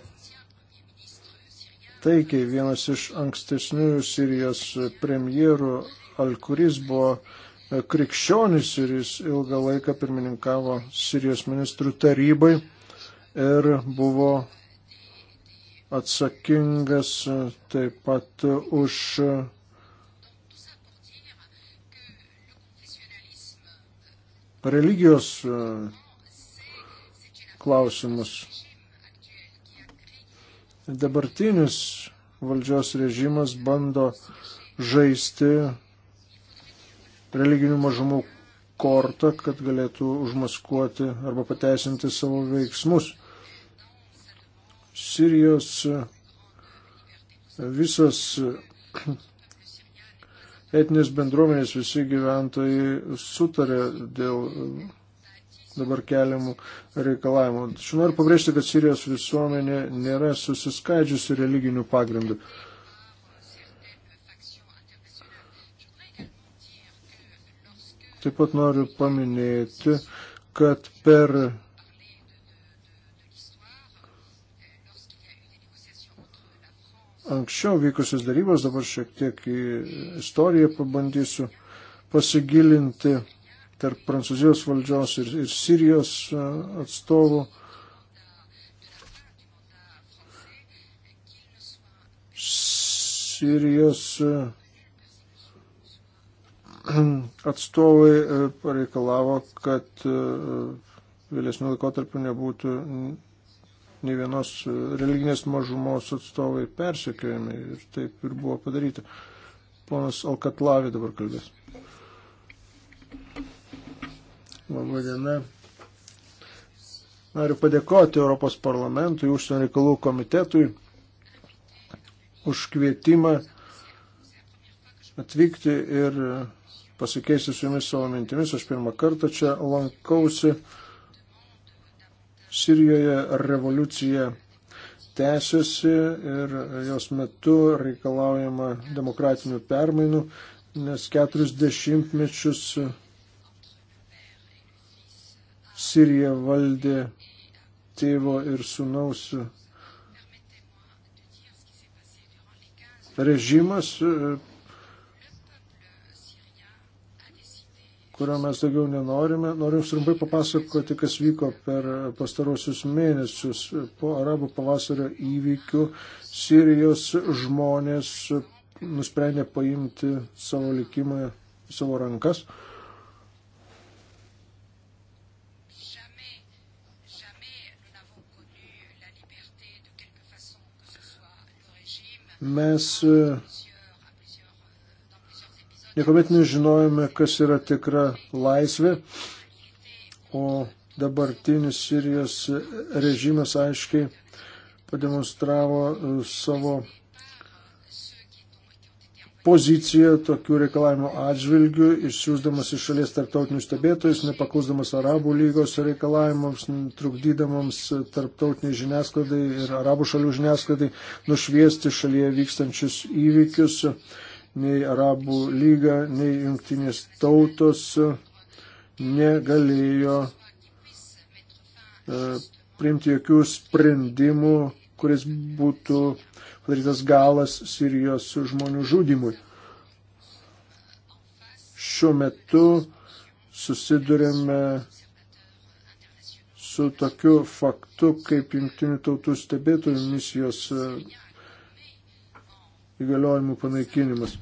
taikiai. Vienas iš ankstesniųjų Sirijos premjerų Alkuris buvo e, krikščionis ir jis ilgą laiką pirmininkavo Sirijos ministrų tarybai ir buvo atsakingas e, taip pat už religijos e, klausimus. Dabartinis valdžios režimas bando žaisti religinių mažumų kortą, kad galėtų užmaskuoti arba pateisinti savo veiksmus. Sirijos visas etinės bendruomenės, visi gyventojai sutarė dėl dabar keliamų reikalavimų. Aš noriu pabrėžti, kad Sirijos visuomenė nėra susiskaidžiusi religinių pagrindų. Taip pat noriu paminėti, kad per anksčiau vykusios darybos, dabar šiek tiek į istoriją pabandysiu pasigilinti tarp prancūzijos valdžios ir, ir Sirijos e, atstovų. Sirijos e, atstovai e, pareikalavo, kad vėlesnių laikotarpių nebūtų ne vienos e, religinės mažumos atstovai persekiojami ir taip ir buvo padaryta. Ponas Alkatlavi dabar kalbės. Labai diena. Noriu padėkoti Europos parlamentui, užsienio reikalų komitetui už kvietimą atvykti ir pasikeisti su jumis savo mintimis. Aš pirmą kartą čia lankausi. Sirijoje revoliucija tęsiasi ir jos metu reikalaujama demokratinių permainų, nes keturis dešimtmečius Sirija valdė tėvo ir sunaus režimas kurio mes daugiau nenorime. Noriu jums trumpai papasakoti, kas vyko per pastarosius mėnesius po arabų pavasario įvykių. Sirijos žmonės nusprendė paimti savo likimą į savo rankas. Mes Niekuomet nežinojome, kas yra tikra laisvė, o dabartinis Sirijos režimas aiškiai pademonstravo e, savo poziciją tokių reikalavimų atžvilgių, išsiųsdamas iš šalies tarptautinius stebėtojus, nepaklusdamas Arabų lygos reikalavimams, trukdydamams tarptautiniai žiniasklaidai ir Arabų šalių žiniasklaidai nušviesti šalyje vykstančius įvykius nei Arabų lyga, nei jungtinės tautos negalėjo e, priimti jokių sprendimų, kuris būtų padarytas galas Sirijos žmonių žudimui. Šiuo metu susidurėme su tokiu faktu, kaip jungtinių tautų stebėtojų misijos e, įgaliojimų panaikinimas.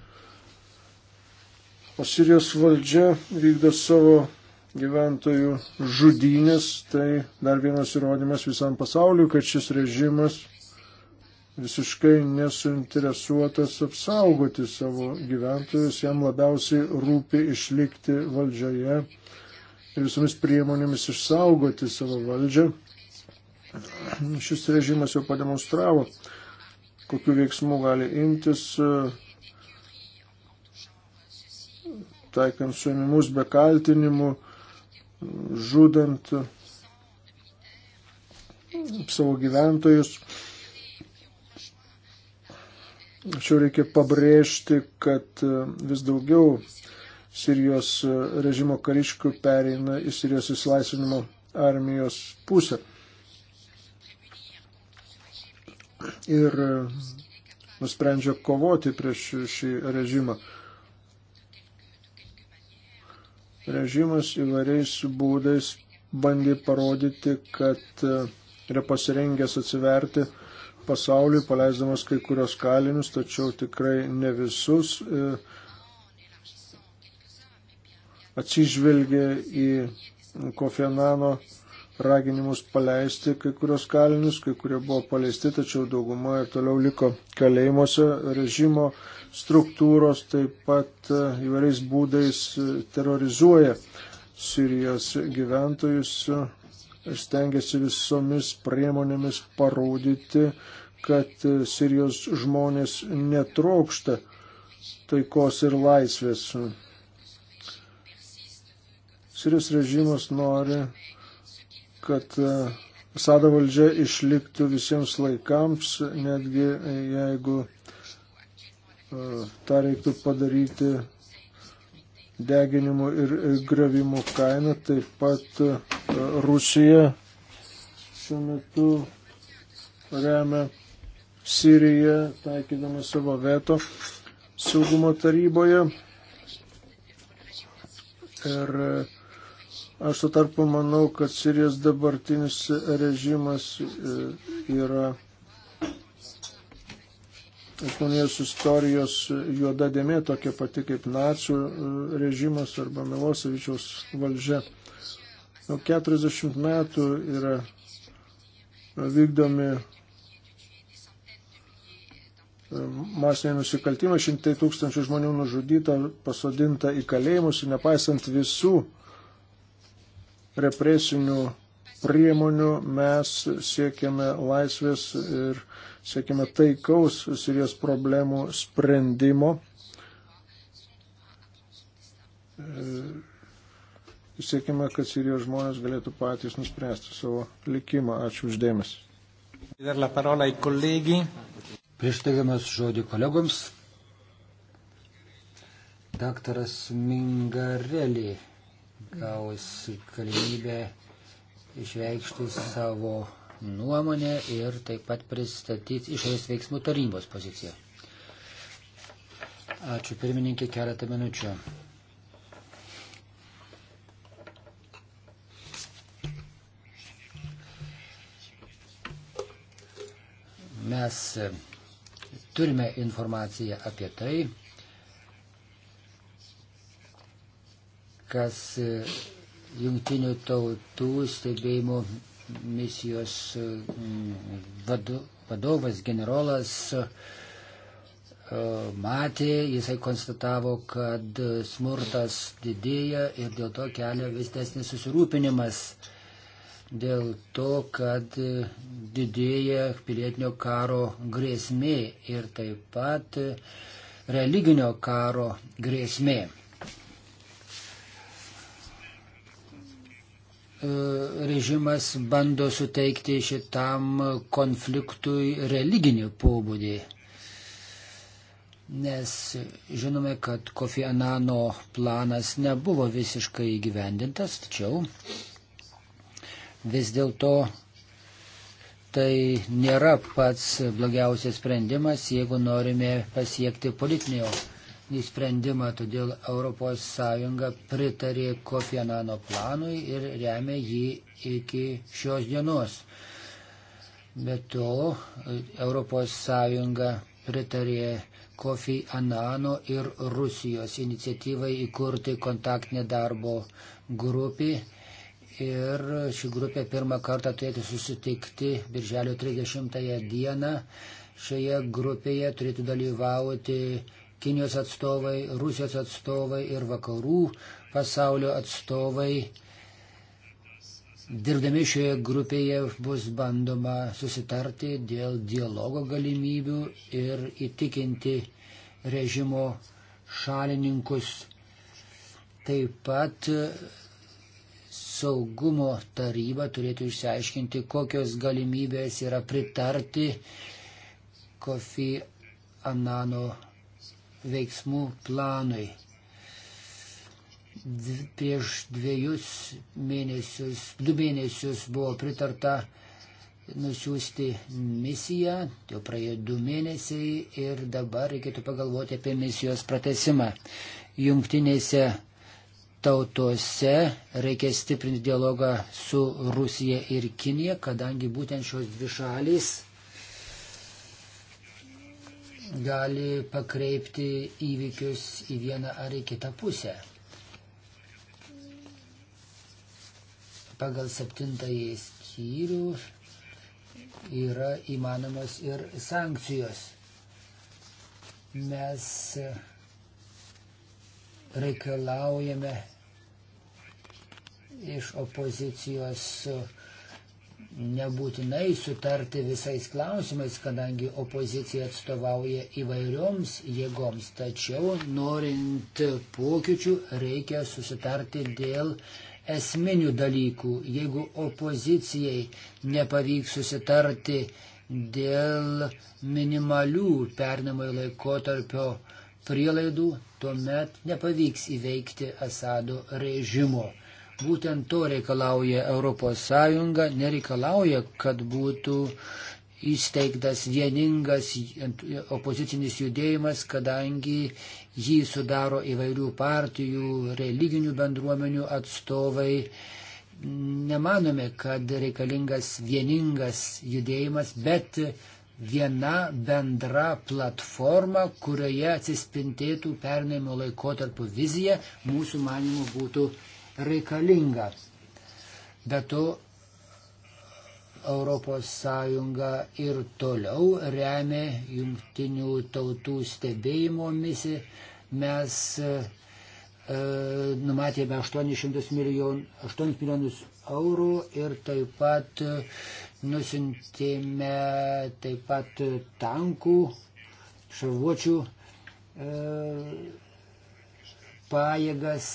Asirijos valdžia vykdo savo gyventojų žudynės, tai dar vienas įrodymas visam pasauliu, kad šis režimas visiškai nesuinteresuotas apsaugoti savo gyventojus, jam labiausiai rūpi išlikti valdžioje ir visomis priemonėmis išsaugoti savo valdžią. Šis režimas jau pademonstravo, kokiu veiksmu gali imtis taikant suėmimus be kaltinimų, žudant e, savo gyventojus. Tačiau reikia pabrėžti, kad e, vis daugiau Sirijos e, režimo kariškių pereina į Sirijos įsilaisvinimo armijos pusę. Ir nusprendžia kovoti prieš šį režimą režimas įvairiais būdais bandė parodyti, kad e, yra pasirengęs atsiverti pasauliui, paleisdamas kai kurios kalinius, tačiau tikrai ne visus e, atsižvelgė į Kofianano raginimus paleisti kai kurios kalinius, kai kurie buvo paleisti, tačiau dauguma ir toliau liko kalėjimuose režimo struktūros, taip pat e, įvairiais būdais e, terrorizuoja Sirijos gyventojus ir e, stengiasi visomis priemonėmis parodyti, kad Sirijos žmonės netrokšta taikos ir laisvės. Sirijos režimas nori kad e, Asado valdžia išliktų visiems laikams, netgi jeigu e, tą reiktų padaryti deginimo ir gravimo kaina. Taip pat e, Rusija šiuo metu remia Siriją, taikydama savo veto saugumo taryboje. Ir Aš tuo tarpu manau, kad Sirijos dabartinis režimas e, yra žmonijos istorijos juoda dėmė, tokia pati kaip nacių e, režimas arba Milosevičiaus valdžia. Jau 40 metų yra vykdomi e, masiniai nusikaltimai, šimtai tūkstančių žmonių nužudyta, pasodinta į kalėjimus ir nepaisant visų represinių priemonių mes siekiame laisvės ir siekiame taikaus Sirijos problemų sprendimo. E, Siekime, kad Sirijos žmonės galėtų patys nuspręsti savo likimą. Ačiū uždėmesi. Prieš teigiamas žodį kolegoms. Daktaras Mingarelį gaus galimybę išreikšti savo nuomonę ir taip pat pristatyti išorės veiksmų tarybos poziciją. Ačiū pirmininkė, keletą minučių. Mes turime informaciją apie tai, kas e, jungtinių tautų stebėjimo misijos e, vadu, vadovas, generolas e, matė, jisai konstatavo, kad smurtas didėja ir dėl to kelia vis desnis susirūpinimas. Dėl to, kad didėja pilietinio karo grėsmė ir taip pat religinio karo grėsmė. režimas bando suteikti šitam konfliktui religinį pobūdį. Nes žinome, kad Kofi Anano planas nebuvo visiškai įgyvendintas, tačiau vis dėlto tai nėra pats blogiausias sprendimas, jeigu norime pasiekti politinio sprendimą, todėl ES pritarė Kofianano planui ir remia jį iki šios dienos. Be to, ES pritarė Kofi Anano ir Rusijos iniciatyvai įkurti kontaktinę darbo grupį. Ir ši grupė pirmą kartą turėtų susitikti birželio 30 dieną. Šioje grupėje turėtų dalyvauti Kinijos atstovai, Rusijos atstovai ir vakarų pasaulio atstovai. Dirbdami šioje grupėje bus bandoma susitarti dėl dialogo galimybių ir įtikinti režimo šalininkus. Taip pat saugumo taryba turėtų išsiaiškinti, kokios galimybės yra pritarti Kofi Anano veiksmų planui. Prieš dviejus mėnesius, du mėnesius buvo pritarta nusiųsti misiją, jau praėjo du mėnesiai ir dabar reikėtų pagalvoti apie misijos pratesimą. Jungtinėse tautose reikia stiprinti dialogą su Rusija ir Kinija, kadangi būtent šios dvi šalys gali pakreipti įvykius į vieną ar į kitą pusę. Pagal septintąjį skyrių yra įmanomos ir sankcijos. Mes reikalaujame iš opozicijos uh, nebūtinai sutarti visais klausimais, kadangi opozicija atstovauja įvairioms jėgoms. Tačiau norint pokyčių reikia susitarti dėl esminių dalykų. Jeigu opozicijai nepavyks susitarti dėl minimalių pernamojo laikotarpio prielaidų, tuomet nepavyks įveikti Asado režimo. Būtent to reikalauja ES, nereikalauja, kad būtų įsteigtas vieningas opozicinis judėjimas, kadangi jį sudaro įvairių partijų, religinių bendruomenių atstovai. Nemanome, kad reikalingas vieningas judėjimas, bet viena bendra platforma, kurioje atsispintėtų pernaimo laikotarpio vizija, mūsų manimų būtų reikalinga. Be to, ES ir toliau remia jungtinių tautų stebėjimo misiją. Mes e, e numatėme 800 milijon, 8 milijonus eurų ir taip pat e, nusintėme taip pat tankų, šarvuočių e, pajėgas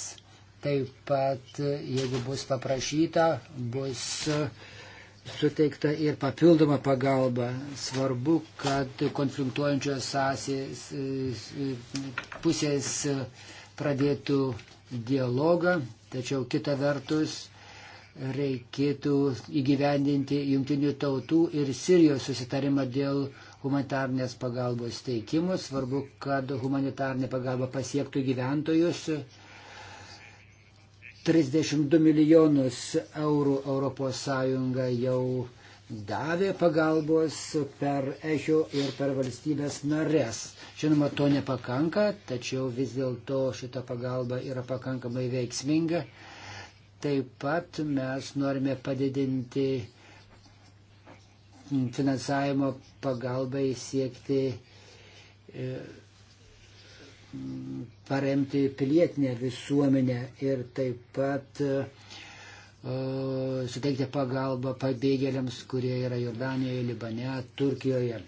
Taip pat, jeigu bus paprašyta, bus e, suteikta ir papildoma pagalba. Svarbu, kad konfliktuojančios sąsės, e, e, pusės pradėtų dialogą, tačiau kita vertus reikėtų įgyvendinti jungtinių tautų ir Sirijos susitarimą dėl humanitarnės pagalbos teikimo. Svarbu, kad humanitarnė pagalba pasiektų gyventojus 32 milijonus eurų ES jau davė pagalbos per EHIO ir per valstybės narės. Žinoma, to nepakanka, tačiau vis dėlto šita pagalba yra pakankamai veiksminga. Taip pat mes norime padidinti finansavimo pagalbai siekti e, paremti pilietinę visuomenę ir taip pat e, suteikti pagalbą pabėgėliams, kurie yra Jordanijoje, Libane, Turkijoje.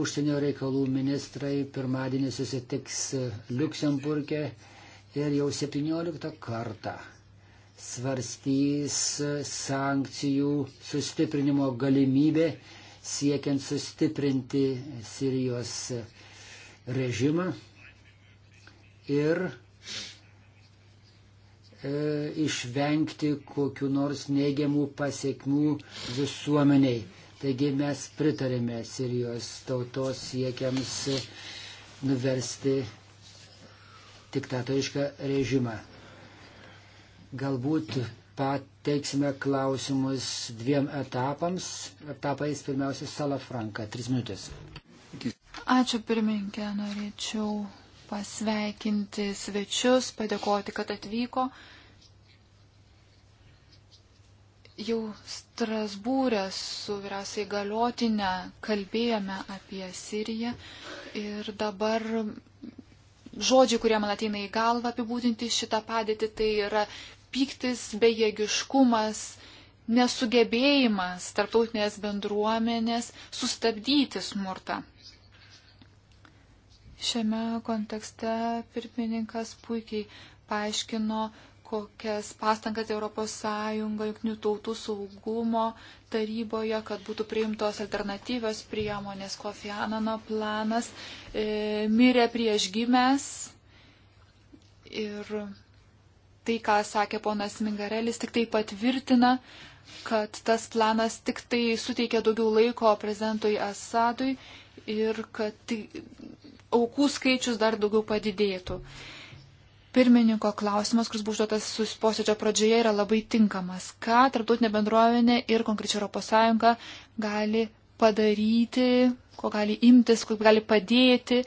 Užsienio reikalų ministrai pirmadienį susitiks Luksemburgė ir jau 17 kartą svarstys sankcijų sustiprinimo galimybę siekiant sustiprinti Sirijos režimą ir e, išvengti kokiu nors neigiamų pasiekmių visuomeniai. Taigi mes pritarėme Sirijos tautos siekiams nuversti diktatorišką režimą. Galbūt pateiksime klausimus dviem etapams. Etapais pirmiausia Salafranka. Tris minutės. Ačiū pirmininkė, norėčiau pasveikinti svečius, padėkoti, kad atvyko. Jau Strasbūrė su vyriausiai galiotinė kalbėjome apie Siriją ir dabar žodžiai, kurie man ateina į galvą apibūdinti šitą padėtį, tai yra pyktis, bejėgiškumas, nesugebėjimas tarptautinės bendruomenės sustabdyti smurtą. Šiame kontekste pirmininkas puikiai paaiškino, kokias pastangas ES jungtinių tautų saugumo taryboje, kad būtų priimtos alternatyvios priemonės. Kofi Anano planas e, mirė prieš gimęs ir tai, ką sakė ponas Mingarelis, tik tai patvirtina, kad tas planas tik tai suteikė daugiau laiko prezidentui Asadui ir kad tai aukų skaičius dar daugiau padidėtų. Pirmininko klausimas, kuris buvo užduotas posėdžio pradžioje, yra labai tinkamas. Ką tarptautinė bendruomenė ir konkrečiai ES gali padaryti, ko gali imtis, kaip gali padėti,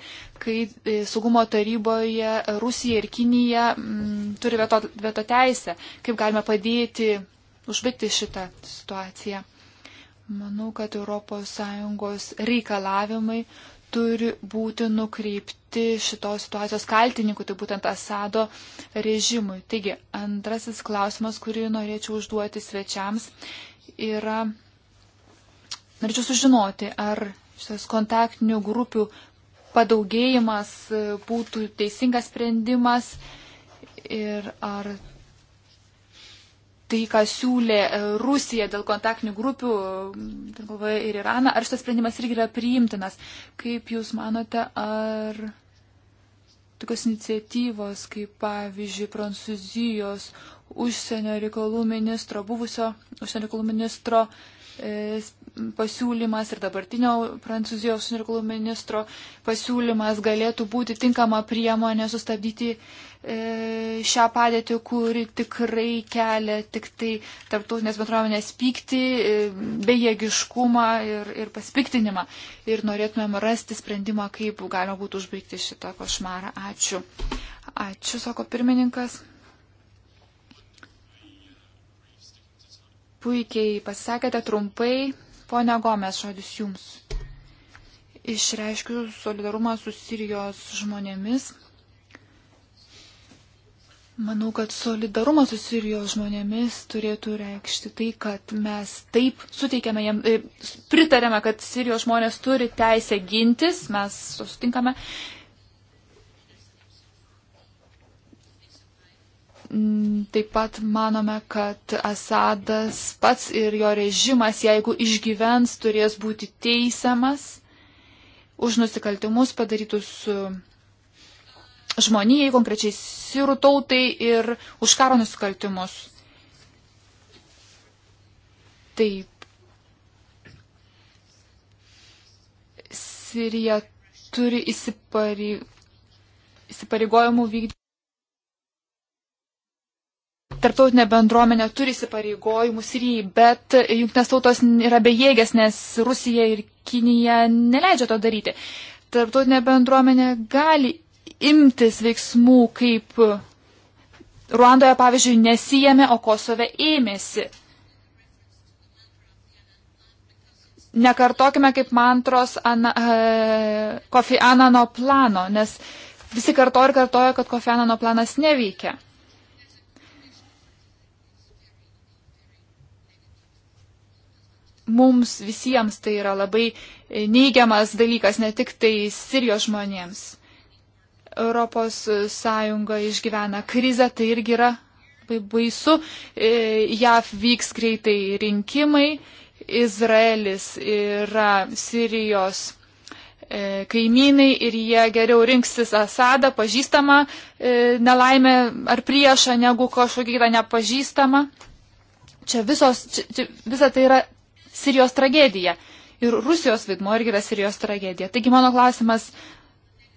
kai e, saugumo taryboje Rusija ir Kinija m, mm, turi veto, veto teisę, kaip galime padėti užbaigti šitą situaciją. Manau, kad ES reikalavimai turi būti nukreipti šitos situacijos kaltininkų, tai būtent Asado režimui. Taigi, antrasis klausimas, kurį norėčiau užduoti svečiams, yra, norėčiau sužinoti, ar šitas kontaktinių grupių padaugėjimas būtų teisingas sprendimas ir ar tai, ką siūlė e, Rusija dėl kontaktinių grupių, galvoje ir Iraną, ar šitas sprendimas irgi yra priimtinas? Kaip Jūs manote, ar tokios iniciatyvos, kaip pavyzdžiui Prancūzijos užsienio reikalų ministro, buvusio užsienio reikalų ministro e, pasiūlymas ir dabartinio Prancūzijos reikalų ministro pasiūlymas galėtų būti tinkama priemonė sustabdyti e, šią padėtį, kuri tikrai kelia tik tai tarptautinės bendruomenės pykti, e, bejėgiškumą ir, ir paspiktinimą. Ir norėtumėm rasti sprendimą, kaip galima būtų užbaigti šitą košmarą. Ačiū. Ačiū, sako pirmininkas. puikiai pasakėte trumpai, Pone Gomes, žodis jums. Išreiškiu solidarumą su Sirijos žmonėmis. Manau, kad solidarumas su Sirijos žmonėmis turėtų reikšti tai, kad mes taip suteikėme jam, e, pritarėme, kad Sirijos žmonės turi teisę gintis, mes susitinkame Mm, taip pat manome, kad Asadas pats ir jo režimas, jeigu išgyvens, turės būti teisiamas už nusikaltimus padarytus žmonijai, konkrečiai sirų tautai ir už karo nusikaltimus. Taip. Sirija turi įsipareigojimų vykdyti tarptautinė bendruomenė turi įsipareigojimus ir jį, bet jungtinės tautos yra bejėgės, nes Rusija ir Kinija neleidžia to daryti. Tarptautinė bendruomenė gali imtis veiksmų, kaip Ruandoje, pavyzdžiui, nesijėmė, o Kosove ėmėsi. Nekartokime kaip mantros ana, e, Kofi Anano plano, nes visi kartoja ir kartoja, kad Kofi Anano planas neveikia. mums visiems tai yra labai neigiamas dalykas, ne tik tai Sirijos žmonėms. Europos Sąjunga išgyvena krizę, tai irgi yra labai baisu. E, JAV vyks greitai rinkimai, Izraelis yra Sirijos e, kaimynai ir jie geriau rinksis Asadą, pažįstamą e, nelaimę ar priešą, negu kažkokį kitą nepažįstamą. Čia visos, čia, čia, visa tai yra Sirijos tragedija. Ir Rusijos vaidmo irgi yra Sirijos tragedija. Taigi mano klausimas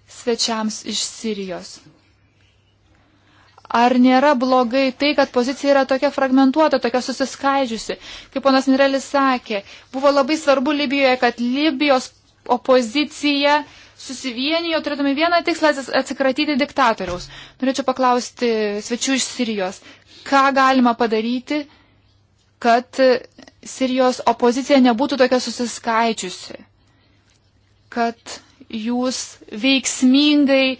svečiams iš Sirijos. Ar nėra blogai tai, kad pozicija yra tokia fragmentuota, tokia susiskaidžiusi? Kaip ponas Mirelis sakė, buvo labai svarbu Libijoje, kad Libijos opozicija susivienijo, turėtume vieną tikslą atsikratyti diktatoriaus. Norėčiau paklausti svečių iš Sirijos, ką galima padaryti, kad Sirijos opozicija nebūtų tokia susiskaičiusi, kad jūs veiksmingai e,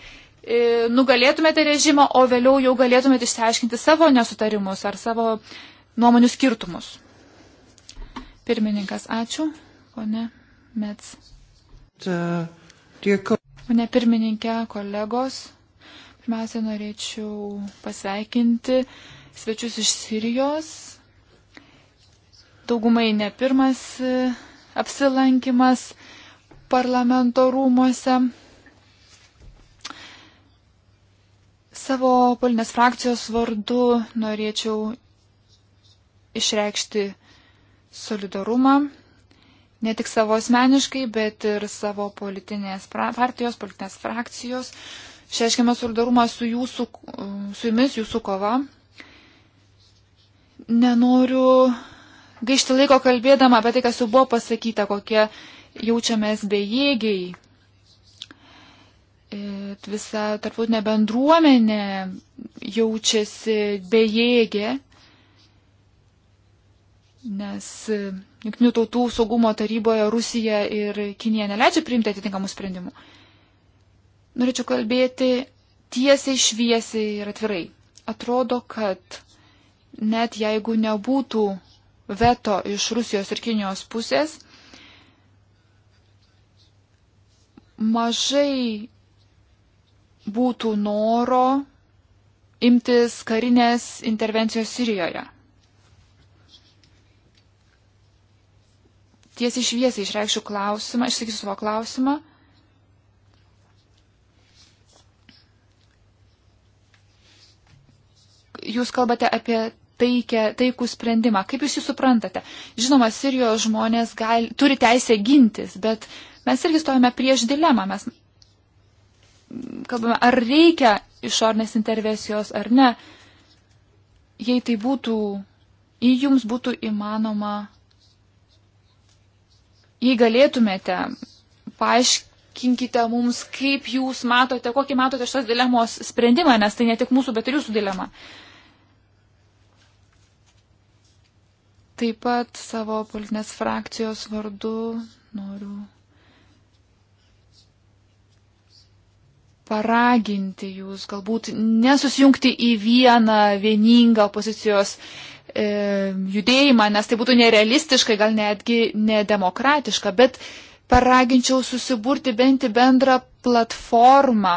nugalėtumėte režimą, o vėliau jau galėtumėte išsiaiškinti savo nesutarimus ar savo nuomonių skirtumus. Pirmininkas, ačiū. Pone Mets. Pone pirmininkė, kolegos, pirmiausia norėčiau pasveikinti svečius iš Sirijos daugumai ne pirmas e, apsilankimas parlamento rūmose. Savo politinės frakcijos vardu norėčiau išreikšti solidarumą ne tik savo asmeniškai, bet ir savo politinės partijos, politinės frakcijos. Šeškime solidarumą su, jūsų, su jumis, jūsų kova. Nenoriu gaišti laiko kalbėdama apie tai, kas jau buvo pasakyta, kokie jaučiamės bejėgiai. Ir visa tarptautinė bendruomenė jaučiasi bejėgė, nes Junktinių tautų saugumo taryboje Rusija ir Kinija neleidžia priimti atitinkamų sprendimų. Norėčiau kalbėti tiesiai, šviesiai ir atvirai. Atrodo, kad net jeigu nebūtų veto iš Rusijos ir Kinijos pusės, mažai būtų noro imtis karinės intervencijos Sirijoje. Tiesiai šviesiai išreikščiau klausimą, išsakysiu savo klausimą. Jūs kalbate apie taikę, taikų sprendimą. Kaip jūs jį suprantate? Žinoma, Sirijos žmonės gali, turi teisę gintis, bet mes irgi stojame prieš dilemą. Mes kalbame, ar reikia išornės intervencijos ar ne. Jei tai būtų, jei jums būtų įmanoma, jei galėtumėte paaiškinti, aiškinkite mums, kaip jūs matote, kokį matote šios dilemos sprendimą, nes tai ne tik mūsų, bet ir jūsų dilema. Taip pat savo politinės frakcijos vardu noriu paraginti jūs galbūt nesusijungti į vieną vieningą opozicijos e, judėjimą, nes tai būtų nerealistiškai, gal netgi nedemokratiška, bet paraginčiau susiburti bent į bendrą platformą,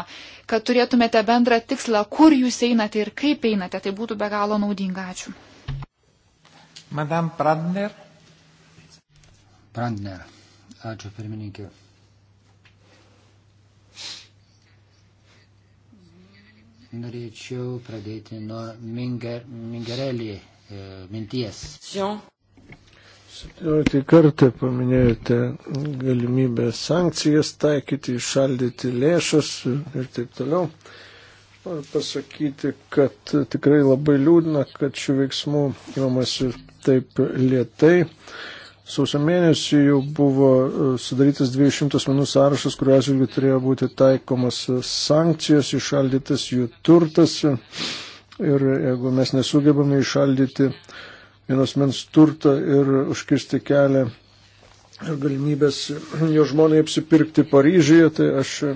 kad turėtumėte bendrą tikslą, kur jūs einate ir kaip einate, tai būtų be galo naudinga. Ačiū. Madame Brandner. Brandner. Ačiū pirmininkė. Norėčiau pradėti nuo Minger, Mingerelį e, minties. 17 kartą paminėjote galimybę sankcijas taikyti, išaldyti lėšas ir taip toliau. Noriu pasakyti, kad tikrai labai liūdna, kad šių veiksmų įmamasi taip lietai. Sausio mėnesį jau buvo e, sudarytas 200 asmenų sąrašas, kuriuo atžvilgiu turėjo būti taikomas e, sankcijos, išaldytas jų turtas. Ir jeigu mes nesugebame išaldyti vienos mens turtą ir užkirsti kelią ir galimybės jo žmonai apsipirkti Paryžyje, tai aš e,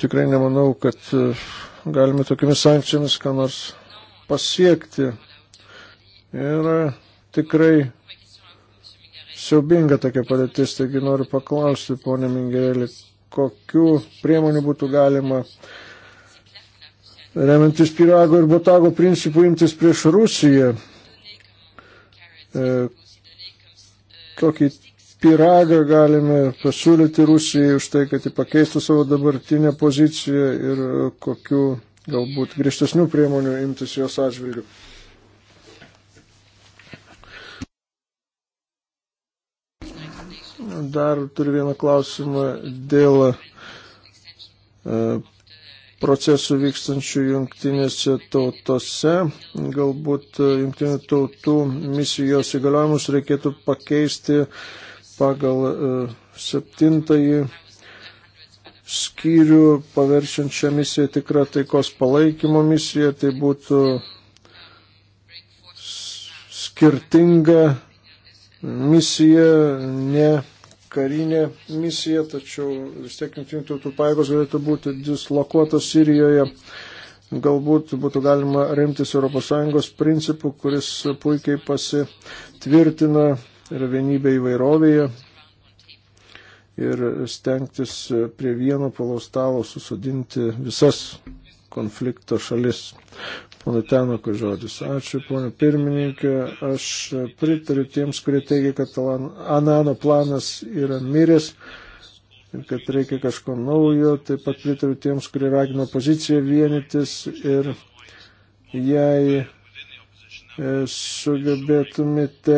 tikrai nemanau, kad galime tokiamis sankcijomis ką nors pasiekti. Ir tikrai siaubinga tokia padėtis, taigi noriu paklausti, ponė Mingerėlį, kokiu priemonių būtų galima remiantis pirago ir botago principų imtis prieš Rusiją. Kokį e, piragą galime pasiūlyti Rusijai už tai, kad ji pakeistų savo dabartinę poziciją ir kokiu galbūt griežtesnių priemonių imtis jos atžvilgių. Dar turiu vieną klausimą dėl e, procesų vykstančių jungtinėse tautose. Galbūt e, jungtinių tautų misijos įgaliojimus reikėtų pakeisti pagal e, septintąjį skyrių, paverčiant šią misiją tikrą taikos palaikymo misiją. Tai būtų skirtinga misija, ne karinė misija, tačiau vis tiek jungtinių tautų paėgos galėtų būti dislokuotos Sirijoje. Galbūt būtų galima remtis ES principų, kuris puikiai pasitvirtina ir vienybė įvairovėje ir stengtis prie vieno palaustalo susodinti visas konflikto šalis. Pana Tenoko žodis. Ačiū, pana pirmininkė. Aš pritariu tiems, kurie teigia, kad Anano planas yra miręs ir kad reikia kažko naujo. Taip pat pritariu tiems, kurie ragino poziciją vienytis ir jei e, sugebėtumėte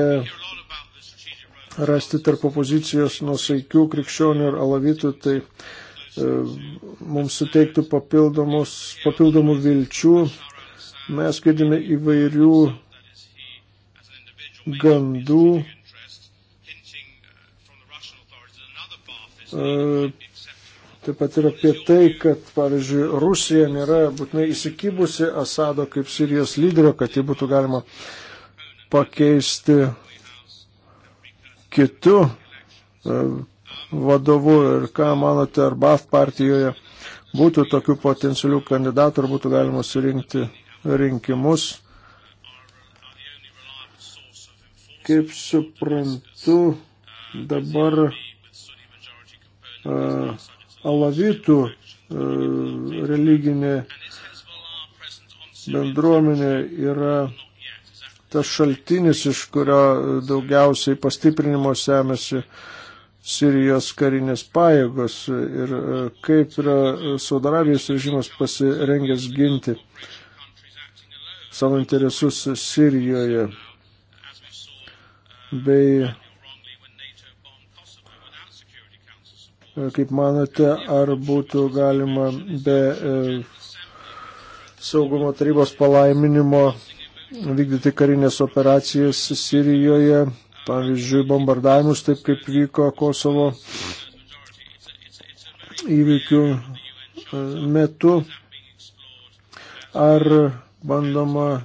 rasti tarp opozicijos nusaikių krikščionių ir alavitų, tai e, mums suteiktų papildomų vilčių Mes girdime įvairių gandų e, taip pat ir apie tai, kad, pavyzdžiui, Rusija nėra būtinai įsikibusi Asado kaip Sirijos lyderio, kad jį būtų galima pakeisti kitu e, vadovu ir ką manote, ar BAF partijoje būtų tokių potencialių kandidatų, ar būtų galima surinkti rinkimus. Kaip suprantu, dabar uh, alavitų uh, religinė bendruomenė yra tas šaltinis, iš kurio daugiausiai pastiprinimo semėsi Sirijos karinės pajėgos ir e, kaip yra Saudarabijos režimas pasirengęs ginti savo interesus Sirijoje. Bei e, kaip manote, ar būtų galima be e, saugumo tarybos palaiminimo vykdyti karinės operacijas Sirijoje, pavyzdžiui, bombardavimus, taip kaip vyko Kosovo įvykių e, metu. Ar bandoma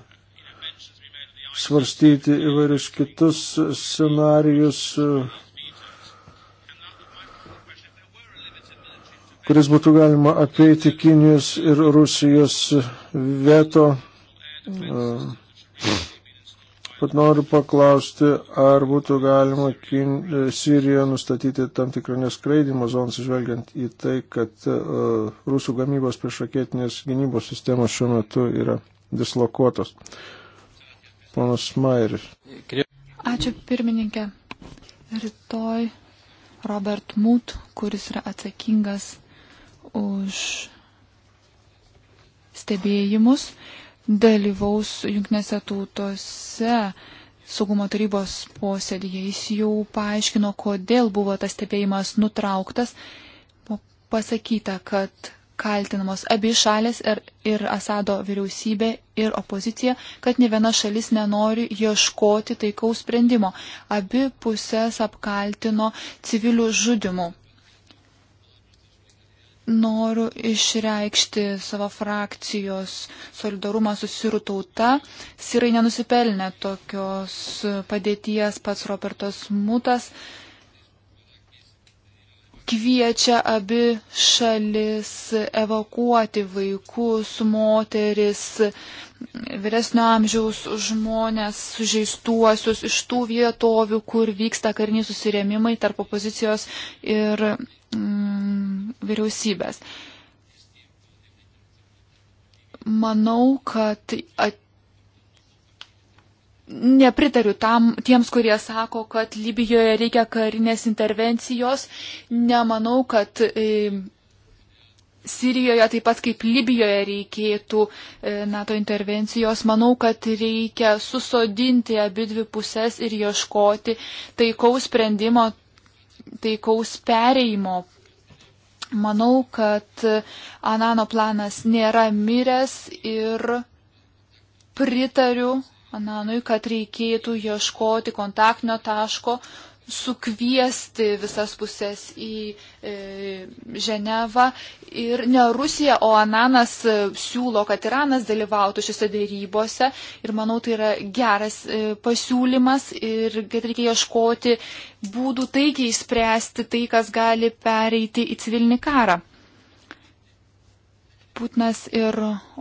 svarstyti įvairius kitus scenarius, kuris būtų galima apeiti Kinijos ir Rusijos veto. Pat noriu paklausti, ar būtų galima Kin Siriją nustatyti tam tikrą neskraidimo zoną, žvelgiant į tai, kad uh, rusų gamybos priešraketinės gynybos sistemos šiuo metu yra dislokuotos. Ponas Mairis. Ačiū pirmininkė. Rytoj Robert Mut, kuris yra atsakingas už stebėjimus, dalyvaus jungtinėse tautose saugumo tarybos posėdėje. Jis jau paaiškino, kodėl buvo tas stebėjimas nutrauktas. Buvo pasakyta, kad kaltinamos abi šalis ir, ir Asado vyriausybė ir opozicija, kad ne viena šalis nenori ieškoti taikaus sprendimo. Abi pusės apkaltino civilių žudimų. Noriu išreikšti savo frakcijos solidarumą su sirų tauta. Sirai nenusipelnė tokios padėties pats Robertas Mutas. Uh, kviečia abi šalis evakuoti vaikus, moteris, vyresnio amžiaus žmonės, sužeistuosius iš tų vietovių, kur vyksta kariniai susirėmimai tarp opozicijos ir mm, vyriausybės. Manau, kad at, nepritariu tam, tiems, kurie sako, kad Libijoje reikia karinės intervencijos. Nemanau, kad e, Sirijoje taip pat kaip Libijoje reikėtų e, NATO intervencijos. Manau, kad reikia susodinti abi dvi pusės ir ieškoti taikaus sprendimo, taikaus pereimo. Manau, kad e, Anano planas nėra miręs ir pritariu Ananui, kad reikėtų ieškoti kontaktinio taško, sukviesti visas pusės į e, Ženevą. Ir ne Rusija, o Ananas e, siūlo, kad Iranas dalyvautų šiuose dėrybose. Ir manau, tai yra geras e, pasiūlymas ir kad reikia ieškoti būdų taikiai spręsti tai, kas gali pereiti į civilinį karą. Putinas ir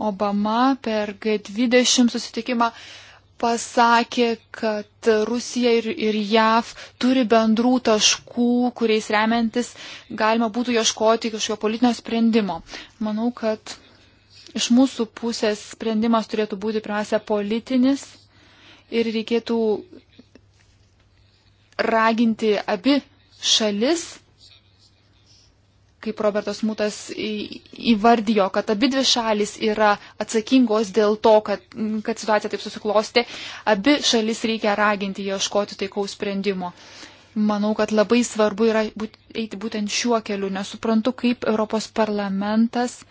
Obama per G20 susitikimą pasakė, kad Rusija ir, ir JAV turi bendrų taškų, kuriais remiantis galima būtų ieškoti kažkokio politinio sprendimo. Manau, kad iš mūsų pusės sprendimas turėtų būti pirmiausia politinis ir reikėtų raginti abi šalis kaip Robertas Mutas įvardijo, kad abi dvi šalis yra atsakingos dėl to, kad, kad situacija taip susiklosti, abi šalis reikia raginti ieškoti taikaus sprendimo. Manau, kad labai svarbu yra būt, eiti būtent šiuo keliu. Nesuprantu, kaip Europos parlamentas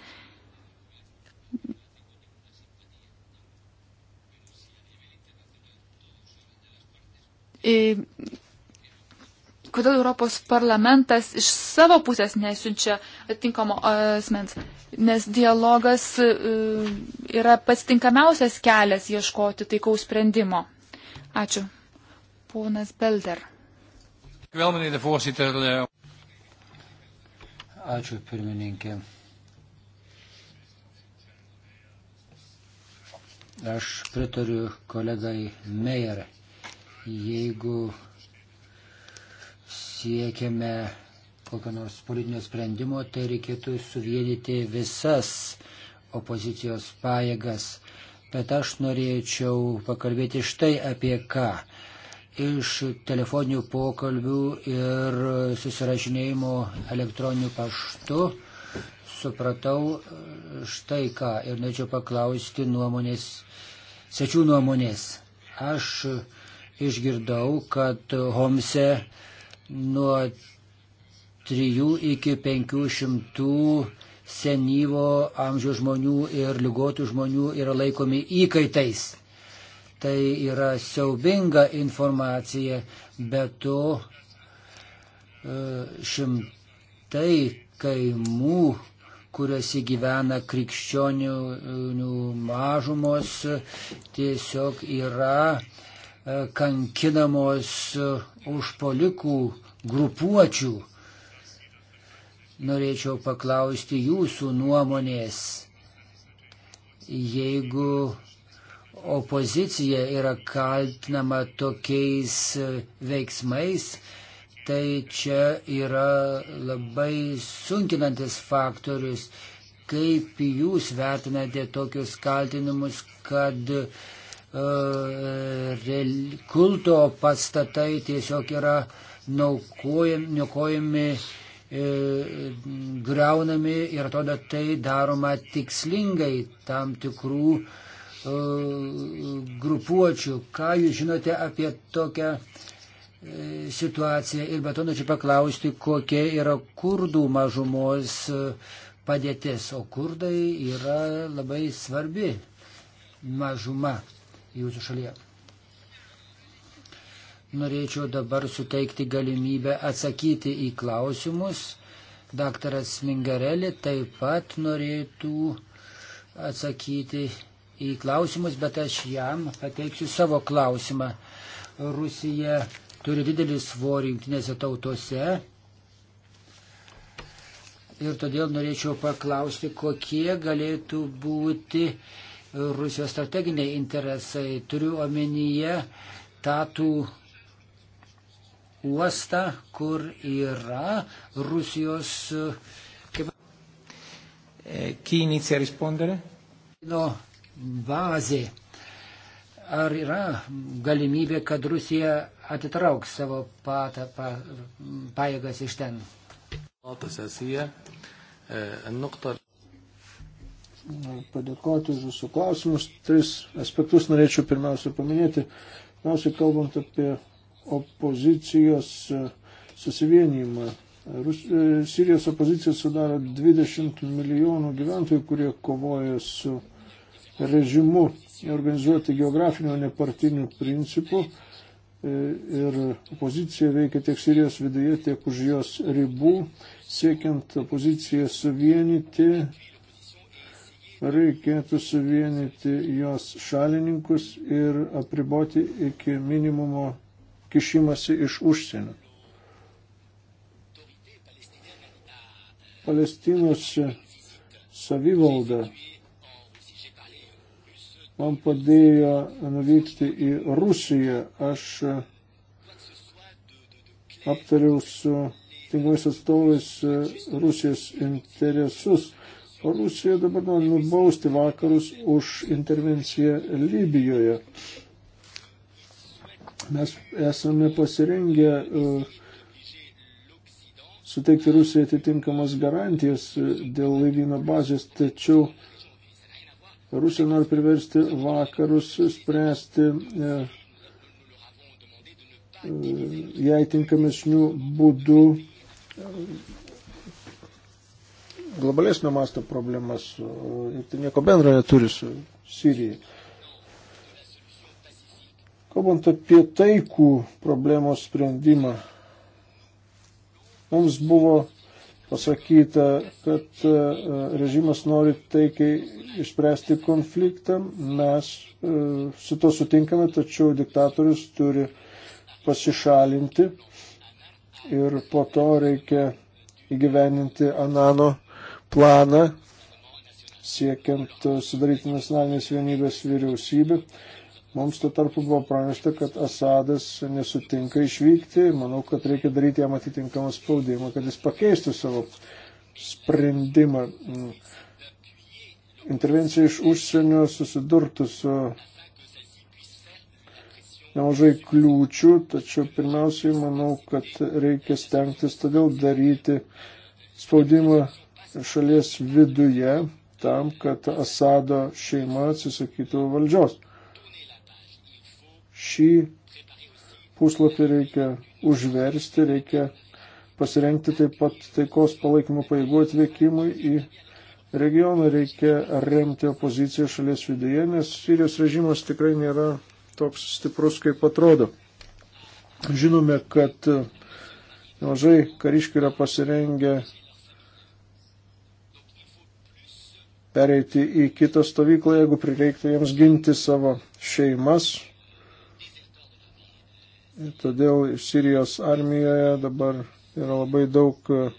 kodėl Europos parlamentas iš savo pusės nesiunčia atinkamo e, asmens, nes dialogas e, yra pats tinkamiausias kelias ieškoti taikaus sprendimo. Ačiū. Ponas Belder. Eh, Ačiū, pirmininkė. Aš pritariu kolegai Meijer. Jeigu siekiame kokio nors politinio sprendimo, tai reikėtų suvienyti visas opozicijos pajėgas. Bet aš norėčiau pakalbėti štai apie ką. Iš telefoninių pokalbių ir susirašinėjimo elektroniniu paštu supratau štai ką ir norėčiau paklausti nuomonės, sečių nuomonės. Aš išgirdau, kad Homse nuo 3 iki 500 senyvo amžiaus žmonių ir lygotų žmonių yra laikomi įkaitais. Tai yra siaubinga informacija, bet to e, šimtai kaimų, kuriuose gyvena krikščionių e, mažumos, tiesiog yra E, kankinamos e, užpolikų grupuočių. Norėčiau paklausti jūsų nuomonės, jeigu opozicija yra kaltinama tokiais e, veiksmais, tai čia yra labai sunkinantis faktorius. Kaip jūs vertinate tokius kaltinimus, kad uh, E, kulto pastatai tiesiog yra naukojami, e, greunami ir atrodo tai daroma tikslingai tam tikrų e, grupuočių. Ką jūs žinote apie tokią situaciją? Ir be to norėčiau paklausti, kokia yra kurdų mažumos padėtis, o kurdai yra labai svarbi mažuma jūsų šalyje. Norėčiau dabar suteikti galimybę atsakyti į klausimus. Daktaras Mingarelė taip pat norėtų atsakyti į klausimus, bet aš jam pateiksiu savo klausimą. Rusija turi didelį svorį jungtinėse tautose. Ir todėl norėčiau paklausti, kokie galėtų būti Rusijos strateginiai interesai. Turiu omenyje tatų uostą, kur yra Rusijos. Kaip... E, chi inizia a rispondere? No, bazė. Ar yra galimybė, kad Rusija atitrauks savo patą, pa, pajėgas iš ten? padėkoti už jūsų klausimus. Tris aspektus norėčiau pirmiausia paminėti. Pirmiausia, kalbant apie opozicijos e, susivienijimą. Rus... E, Sirijos opozicija sudaro 20 milijonų gyventojų, kurie kovoja su režimu organizuoti geografinio nepartinių principų. E, ir opozicija veikia tiek Sirijos viduje, tiek už jos ribų, siekiant opoziciją suvienyti reikėtų suvienyti jos šalininkus ir apriboti iki minimumo kišimasi iš užsienio. Palestinos savivalda man padėjo nuvykti į Rusiją. Aš aptariau su tinkamais atstovais Rusijos interesus Rusija dabar nori nubausti vakarus už intervenciją Libijoje. Mes esame pasirengę uh, suteikti Rusijai atitinkamas garantijas uh, dėl laivyno bazės, tačiau Rusija nori priversti vakarus spręsti uh, jai tinkamesnių būdų globalesnio masto problemas ir tai nieko bendro neturi su Sirija. Kalbant apie taikų problemos sprendimą, mums buvo pasakyta, kad e, režimas nori taikiai išspręsti konfliktą, mes e, su to sutinkame, tačiau diktatorius turi pasišalinti ir po to reikia įgyveninti Anano planą siekiant sudaryti nacionalinės vienybės vyriausybę. Mums tuo tarpu buvo pranešta, kad Asadas nesutinka išvykti. Manau, kad reikia daryti jam atitinkamą spaudimą, kad jis pakeistų savo sprendimą. Intervencija iš užsienio susidurtų su nemažai kliūčių, tačiau pirmiausiai manau, kad reikia stengtis todėl daryti spaudimą šalies viduje tam, kad Asado šeima atsisakytų valdžios. Šį puslapį reikia užversti, reikia pasirengti taip pat taikos palaikymo paėgų atvykimui į regioną, reikia remti opoziciją šalies viduje, nes Sirijos režimas tikrai nėra toks stiprus, kaip atrodo. Žinome, kad nemažai kariškių yra pasirengę pereiti į kitą stovyklą, jeigu prireiktų jiems ginti savo šeimas. Ir todėl Sirijos armijoje dabar yra labai daug e,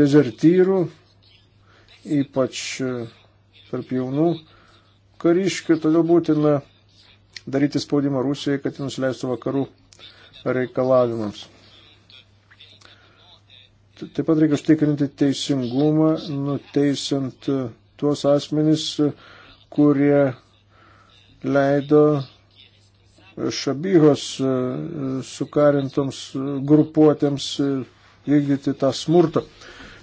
dezertyrų, ypač e, tarp jaunų kariškių, todėl būtina daryti spaudimą Rusijai, kad jums leistų vakarų reikalavimams. Taip pat reikia užtikrinti teisingumą, nuteisant e, tuos asmenys, kurie leido šabygos e, sukarintoms grupuotėms e, vykdyti tą smurtą,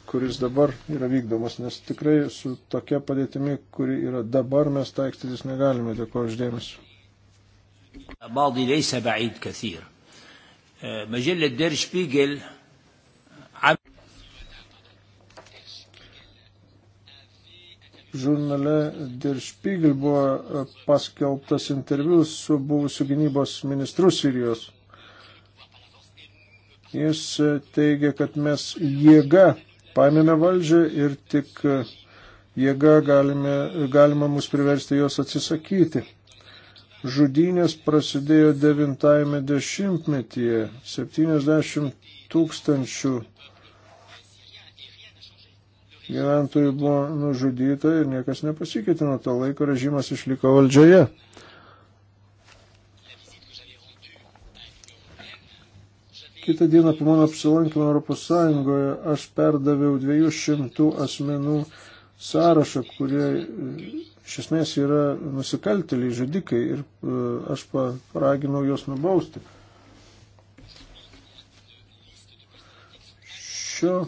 kuris dabar yra vykdomas, nes tikrai su tokia padėtimi, kuri yra dabar, mes taikstytis negalime. Dėkuoju uždėmesi. الماضي ليس بعيد كثير مجلة دير شبيجل žurnale Der Spiegel buvo e, paskelbtas interviu su buvusiu gynybos ministru Sirijos. Jis e, teigia, kad mes jėga paėmėme valdžią ir tik e, jėga galime, galima mus priversti jos atsisakyti. Žudynės prasidėjo 90-metyje. 70 tūkstančių gyventojų buvo nužudyta ir niekas nepasikeitė nuo to laiko, režimas išliko valdžioje. Kitą dieną po mano apsilankimo Europos Sąjungoje aš perdaviau 200 asmenų sąrašą, kurie e, iš esmės yra nusikaltėliai, žudikai ir e, aš paraginau juos nubausti. Šio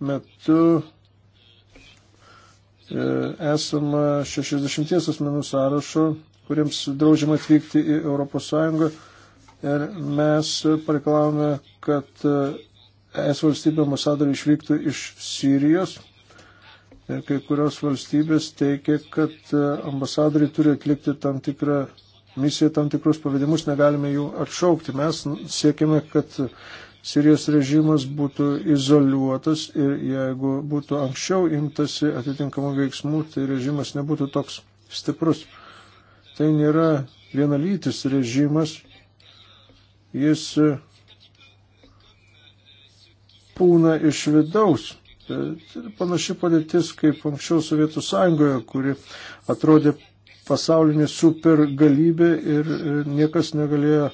metu e, esama 60 asmenų sąrašo, kuriems draudžiama atvykti į ES. Ir mes pareikalavome, kad e, es valstybė ambasadoriai išvyktų iš Sirijos. Ir kai kurios valstybės teikia, kad e, ambasadoriai turi atlikti tam tikrą misiją, tam tikrus pavadimus, negalime jų atšaukti. Mes siekime, kad Sirijos režimas būtų izoliuotas ir jeigu būtų anksčiau imtasi atitinkamų veiksmų, tai režimas nebūtų toks stiprus. Tai nėra vienalytis režimas, jis e, pūna iš vidaus. Tai panaši padėtis kaip anksčiau Sovietų sąjungoje, kuri atrodė pasaulinė supergalybė ir e, niekas negalėjo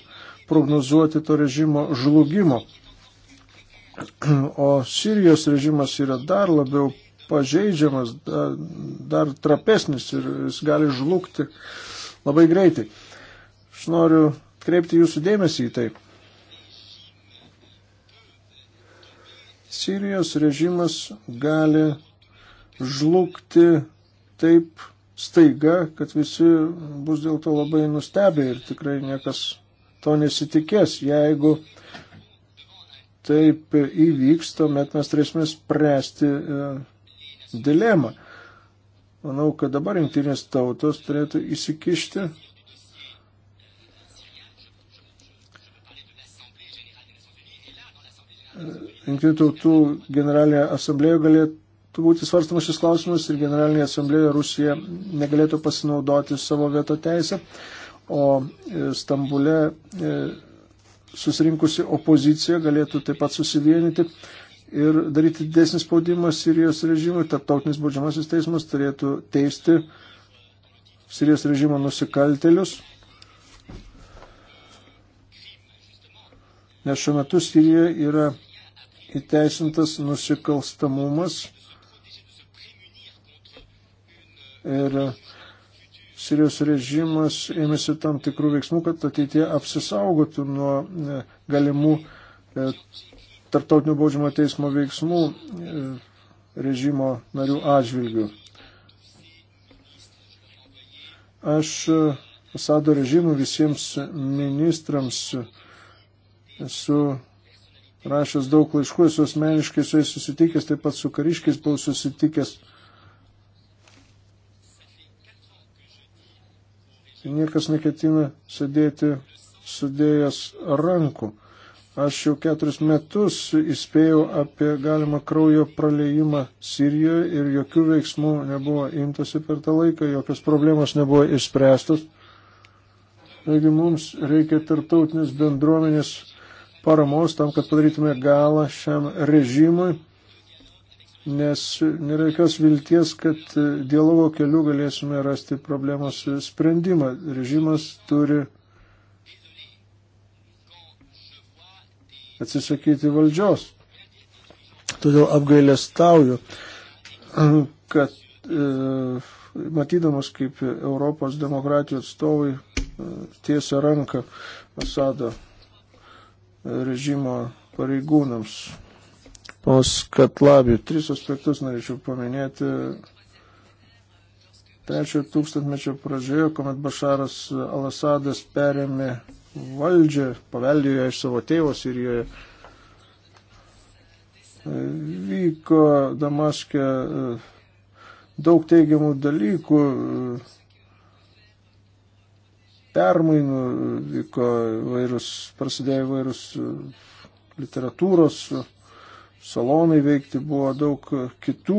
prognozuoti to režimo žlugimo. O Sirijos režimas yra dar labiau pažeidžiamas, dar, dar trapesnis ir jis gali žlugti labai greitai. Aš noriu kreipti jūsų dėmesį į tai. Sirijos režimas gali žlugti taip staiga, kad visi bus dėl to labai nustebę ir tikrai niekas to nesitikės, jeigu taip įvyks, tuomet mes turėsime spręsti e, dilemą. Manau, kad dabar jungtinės tautos turėtų įsikišti. Jungtinių tautų generalinė asamblėja galėtų būti svarstamas šis klausimas ir generalinė asamblėja Rusija negalėtų pasinaudoti savo veto teisę, o e, Stambule e, susirinkusi opozicija galėtų taip pat susivienyti ir daryti didesnį spaudimą Sirijos režimui. Tarptautinis baudžiamasis teismas turėtų teisti Sirijos režimo nusikaltelius. Nes šiuo metu Sirijoje yra įteisintas nusikalstamumas ir Sirijos režimas ėmėsi tam tikrų veiksmų, kad ateitie apsisaugotų nuo e, galimų e, tarptautinio baudžiamo teismo veiksmų e, režimo narių atžvilgių. Aš Asado režimų visiems ministrams esu rašęs daug laiškų, esu asmeniškai su jais susitikęs, taip pat su kariškiais buvau susitikęs niekas neketina sėdėti sudėjęs rankų. Aš jau keturis metus įspėjau apie galimą kraujo praleimą Sirijoje ir jokių veiksmų nebuvo imtasi per tą laiką, jokios problemos nebuvo išspręstos. Taigi mums reikia tarptautinės bendruomenės paramos tam, kad padarytume galą šiam režimui nes nėra jokios vilties, kad dialogo keliu galėsime rasti problemos sprendimą. Režimas turi atsisakyti valdžios. Todėl apgailestauju, kad e, matydamas, kaip Europos demokratijų atstovai e, tiesia ranką Asado režimo pareigūnams. Ponas Katlabi, tris aspektus norėčiau paminėti. Trečiojo tūkstantmečio pradžioje, kuomet Bašaras Alasadas perėmė valdžią, paveldėjo iš savo tėvo Sirijoje, vyko Damaskė e, daug teigiamų dalykų, e, permainų, e, vyko vairūs, prasidėjo vairūs literatūros salonai veikti, buvo daug kitų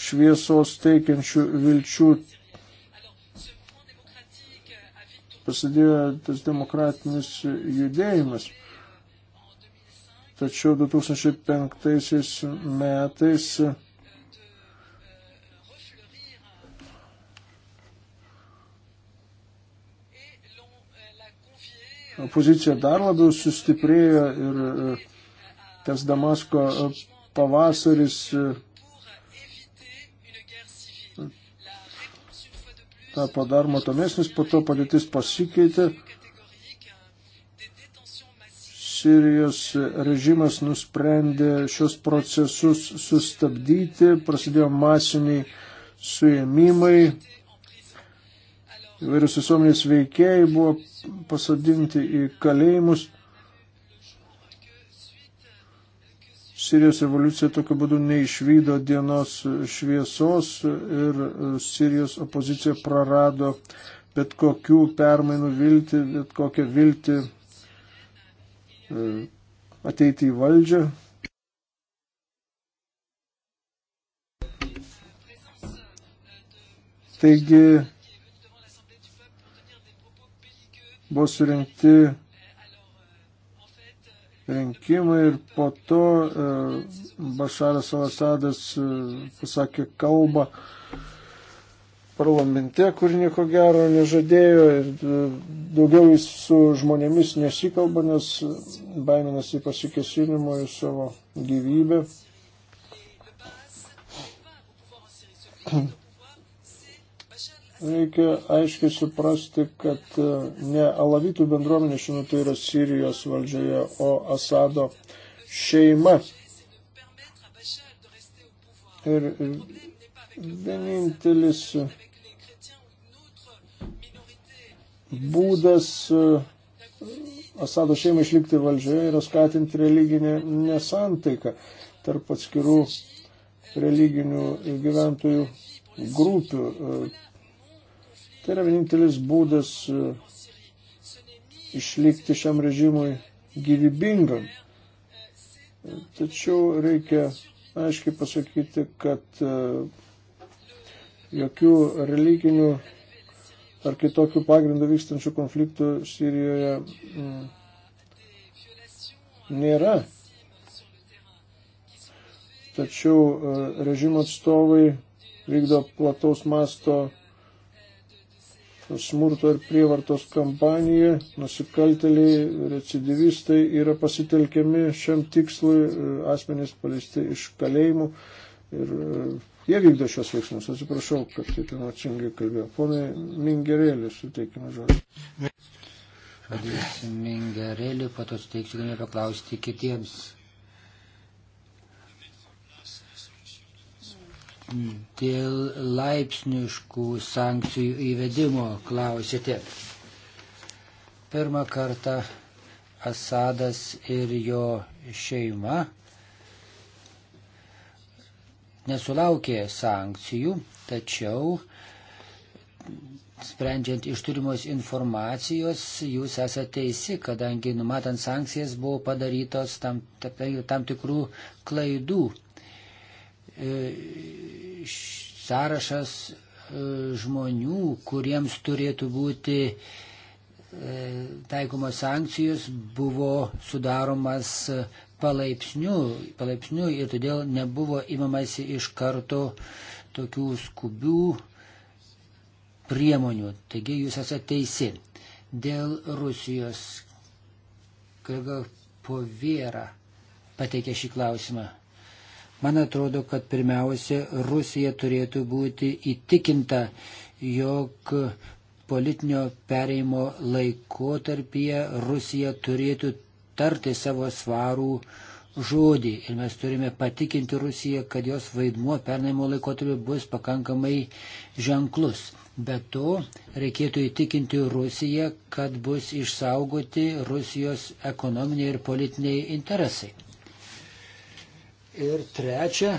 šviesos teikiančių vilčių. Pasidėjo tas demokratinis judėjimas. Tačiau 2005 metais opozicija dar labiau sustiprėjo ir tas Damasko e, pavasaris e, tapo dar matomesnis, po to padėtis pasikeitė. Sirijos režimas nusprendė šios procesus sustabdyti, prasidėjo masiniai suėmimai, įvairius visuomenės veikėjai buvo pasodinti į kalėjimus. Sirijos revoliucija tokiu būdu neišvydo dienos šviesos ir e, Sirijos opozicija prarado bet kokių permainų viltį, bet kokią viltį e, ateiti į valdžią. Taigi buvo surinkti rinkimai ir po to e, Bašaras Alasadas e, pasakė kalbą parlamente, kur nieko gero nežadėjo ir e, daugiau jis su žmonėmis nesikalba, nes baiminasi pasikesinimo į savo gyvybę. Reikia aiškiai suprasti, kad e, ne alavitų bendruomenė šiuo metu yra Sirijos valdžioje, o Asado šeima. Ir vienintelis būdas e, Asado šeimai išlikti valdžioje yra skatinti religinę nesantaiką tarp atskirų religinių gyventojų grupių e, Tai yra vienintelis būdas e, išlikti šiam režimui gyvybingam. Tačiau reikia aiškiai pasakyti, kad e, jokių religinių ar kitokių pagrindų vykstančių konfliktų Sirijoje mm, nėra. Tačiau e, režimo atstovai vykdo plataus masto smurto ir prievartos kampaniją. Nusikalteliai, recidivistai yra pasitelkiami šiam tikslui, e, asmenys palisti iš kalėjimų ir e, jie vykdo šios veiksmus. Atsiprašau, kad taip emocingai kalbėjau. Ponai Mingerėlį suteikime žodį. Mingerėlį, po to suteiksiu galimybę paklausti kitiems dėl laipsniškų sankcijų įvedimo klausėte. Pirmą kartą Asadas ir jo šeima nesulaukė sankcijų, tačiau sprendžiant iš turimos informacijos, jūs esate teisi, kadangi numatant sankcijas buvo padarytos tam, tam tikrų klaidų E, sąrašas e, žmonių, kuriems turėtų būti e, taikomos sankcijos, buvo sudaromas palaipsniu, palaipsniu ir todėl nebuvo imamasi iš karto tokių skubių priemonių. Taigi jūs esate teisi. Dėl Rusijos KGB poviera pateikė šį klausimą. Man atrodo, kad pirmiausia, Rusija turėtų būti įtikinta, jog politinio pereimo laikotarpyje Rusija turėtų tarti savo svarų žodį. Ir mes turime patikinti Rusiją, kad jos vaidmuo pereimo laikotarpiu bus pakankamai ženklus. Be to, reikėtų įtikinti Rusiją, kad bus išsaugoti Rusijos ekonominiai ir politiniai interesai. Ir trečia,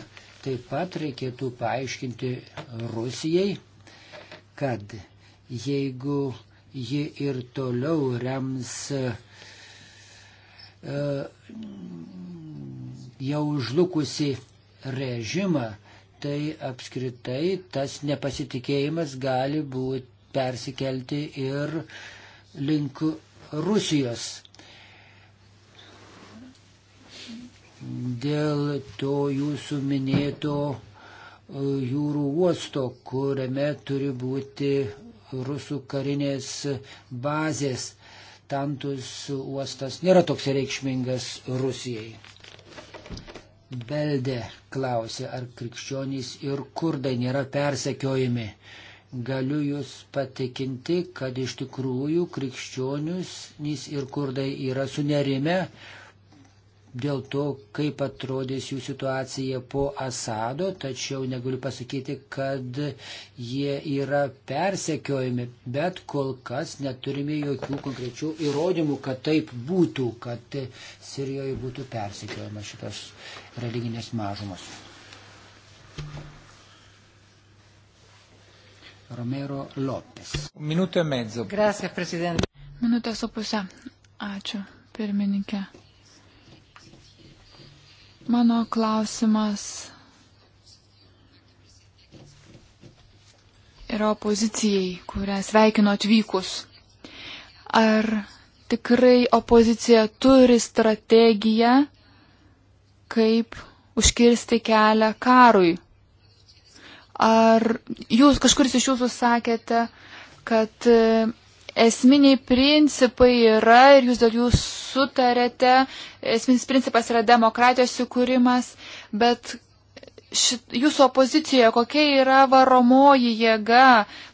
taip pat reikėtų paaiškinti Rusijai, kad jeigu ji ir toliau rems e, jau žlugusi režimą, tai apskritai tas nepasitikėjimas gali būti persikelti ir link Rusijos. dėl to jūsų minėto e, jūrų uosto, kuriame turi būti rusų karinės bazės. Tantus uostas nėra toks reikšmingas Rusijai. Belde klausė, ar krikščionys ir kurdai nėra persekiojami. Galiu jūs patikinti, kad iš tikrųjų krikščionius ir kurdai yra sunerime, dėl to, kaip atrodys jų situacija po Asado, tačiau negaliu pasakyti, kad jie yra persekiojami, bet kol kas neturime jokių konkrečių įrodymų, kad taip būtų, kad Sirijoje būtų persekiojama šitas religinės mažumas. Romero Lopes. Minutė mezzo. Grazie, prezidentė. Minutė su pusė. Ačiū, pirmininkė. Mano klausimas yra opozicijai, kurią sveikino atvykus. Ar tikrai opozicija turi strategiją, kaip užkirsti kelią karui? Ar jūs, kažkuris iš jūsų sakėte, kad esminiai principai yra ir jūs dėl jų sutarėte. Esminis principas yra demokratijos įkūrimas, bet šit, jūsų opozicijoje kokia yra varomoji jėga,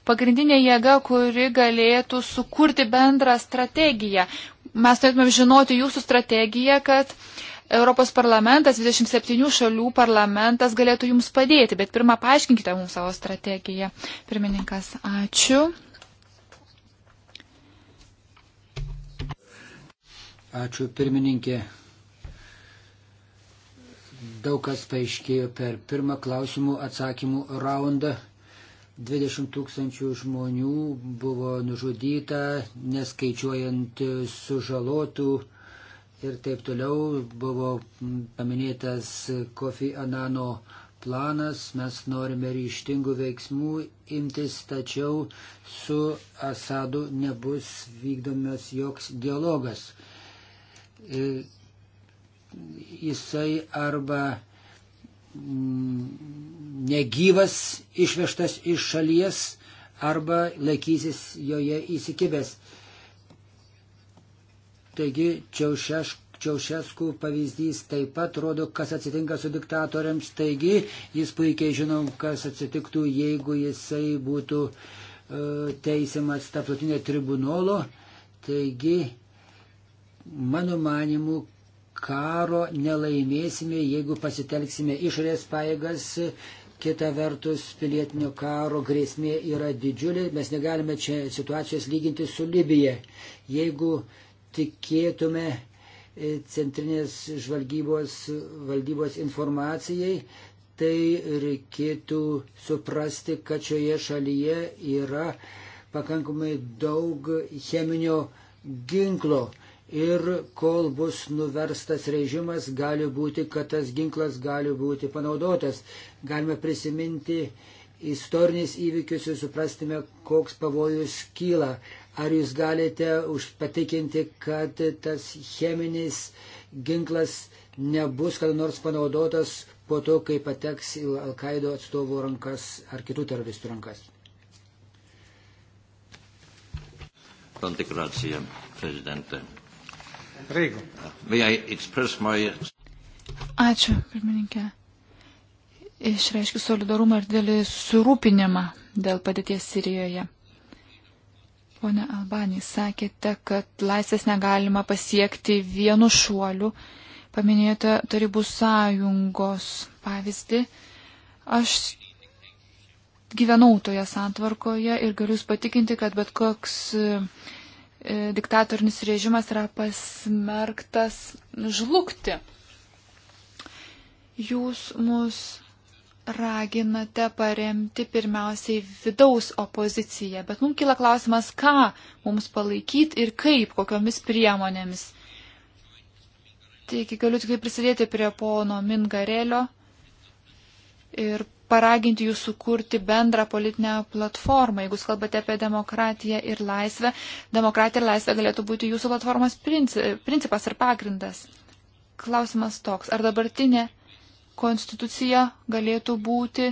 pagrindinė jėga, kuri galėtų sukurti bendrą strategiją. Mes turėtumėm žinoti jūsų strategiją, kad Europos parlamentas, 27 šalių parlamentas galėtų jums padėti, bet pirmą paaiškinkite mums savo strategiją. Pirmininkas, ačiū. Ačiū pirmininkė. Daug kas paaiškėjo per pirmą klausimų atsakymų raundą. 20 tūkstančių žmonių buvo nužudyta, neskaičiuojant sužalotų ir taip toliau buvo paminėtas Kofi Anano planas, mes norime ryštingų veiksmų imtis, tačiau su Asadu nebus vykdomas joks dialogas. E, jisai arba mm, negyvas išvežtas iš šalies, arba laikysis joje įsikibęs. Taigi Čiaušeš, Čiaušeskų pavyzdys taip pat rodo, kas atsitinka su diktatoriams. Taigi jis puikiai žino, kas atsitiktų, jeigu jisai būtų uh, teisiamas tarptautinio tribunolo. Taigi Mano manimu, karo nelaimėsime, jeigu pasitelksime išorės paėgas. Kita vertus, pilietinio karo grėsmė yra didžiulė, mes negalime čia situacijos lyginti su Libija. Jeigu tikėtume e, centrinės žvalgybos valdybos informacijai, tai reikėtų suprasti, kad šioje šalyje yra pakankamai daug cheminio ginklo ir kol bus nuverstas režimas, gali būti, kad tas ginklas gali būti panaudotas. Galime prisiminti istorinius įvykius ir suprastume, koks pavojus kyla. Ar jūs galite patikinti, kad tas cheminis ginklas nebus kada nors panaudotas po to, kai pateks į Al-Qaido atstovų rankas ar kitų teroristų rankas? Tante grazie, prezidente. Reigo. Ačiū, pirmininkė. Išreiškiu solidarumą ir dėlį surūpinimą dėl padėties Sirijoje. Pone Albanijai, sakėte, kad laisvės negalima pasiekti vienu šuoliu. Paminėjote Tarybų sąjungos pavyzdį. Aš gyvenau toje santvarkoje ir galiu jūs patikinti, kad bet koks E, diktatorinis režimas yra pasmerktas žlugti. Jūs mus raginate paremti pirmiausiai vidaus opoziciją, bet mums kyla klausimas, ką mums palaikyti ir kaip, kokiomis priemonėmis. Taigi galiu tikrai prisidėti prie pono Mingarelio ir paraginti jūs sukurti bendrą politinę platformą. Jeigu kalbate apie demokratiją ir laisvę, demokratija ir laisvė galėtų būti jūsų platformos principas ir pagrindas. Klausimas toks, ar dabartinė konstitucija galėtų būti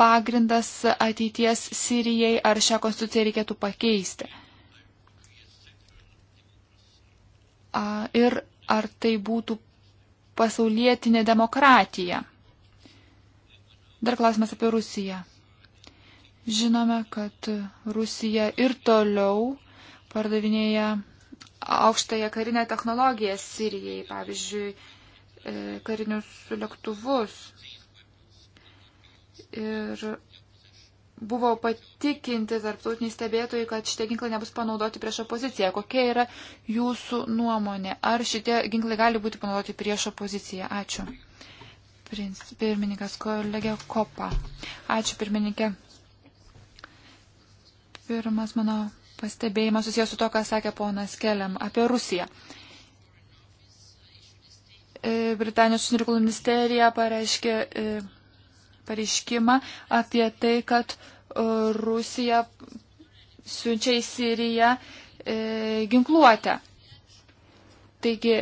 pagrindas ateities Sirijai, ar šią konstituciją reikėtų pakeisti? Ir ar tai būtų pasaulietinė demokratija? Dar klausimas apie Rusiją. Žinome, kad Rusija ir toliau pardavinėja aukštąją karinę technologiją Sirijai, pavyzdžiui, e, karinius lėktuvus. Ir buvo patikinti tarptautiniai stebėtojai, kad šitie ginklai nebus panaudoti prieš opoziciją. Kokia yra jūsų nuomonė? Ar šitie ginklai gali būti panaudoti prieš opoziciją? Ačiū. Pirmininkas kolegė Kopa. Ačiū pirmininkė. Pirmas mano pastebėjimas susijęs su to, ką sakė ponas Keliam apie Rusiją. E, Britanijos užsienio reikalų ministerija pareiškė e, pareiškimą apie tai, kad e, Rusija siunčia į Siriją ginkluotę. Taigi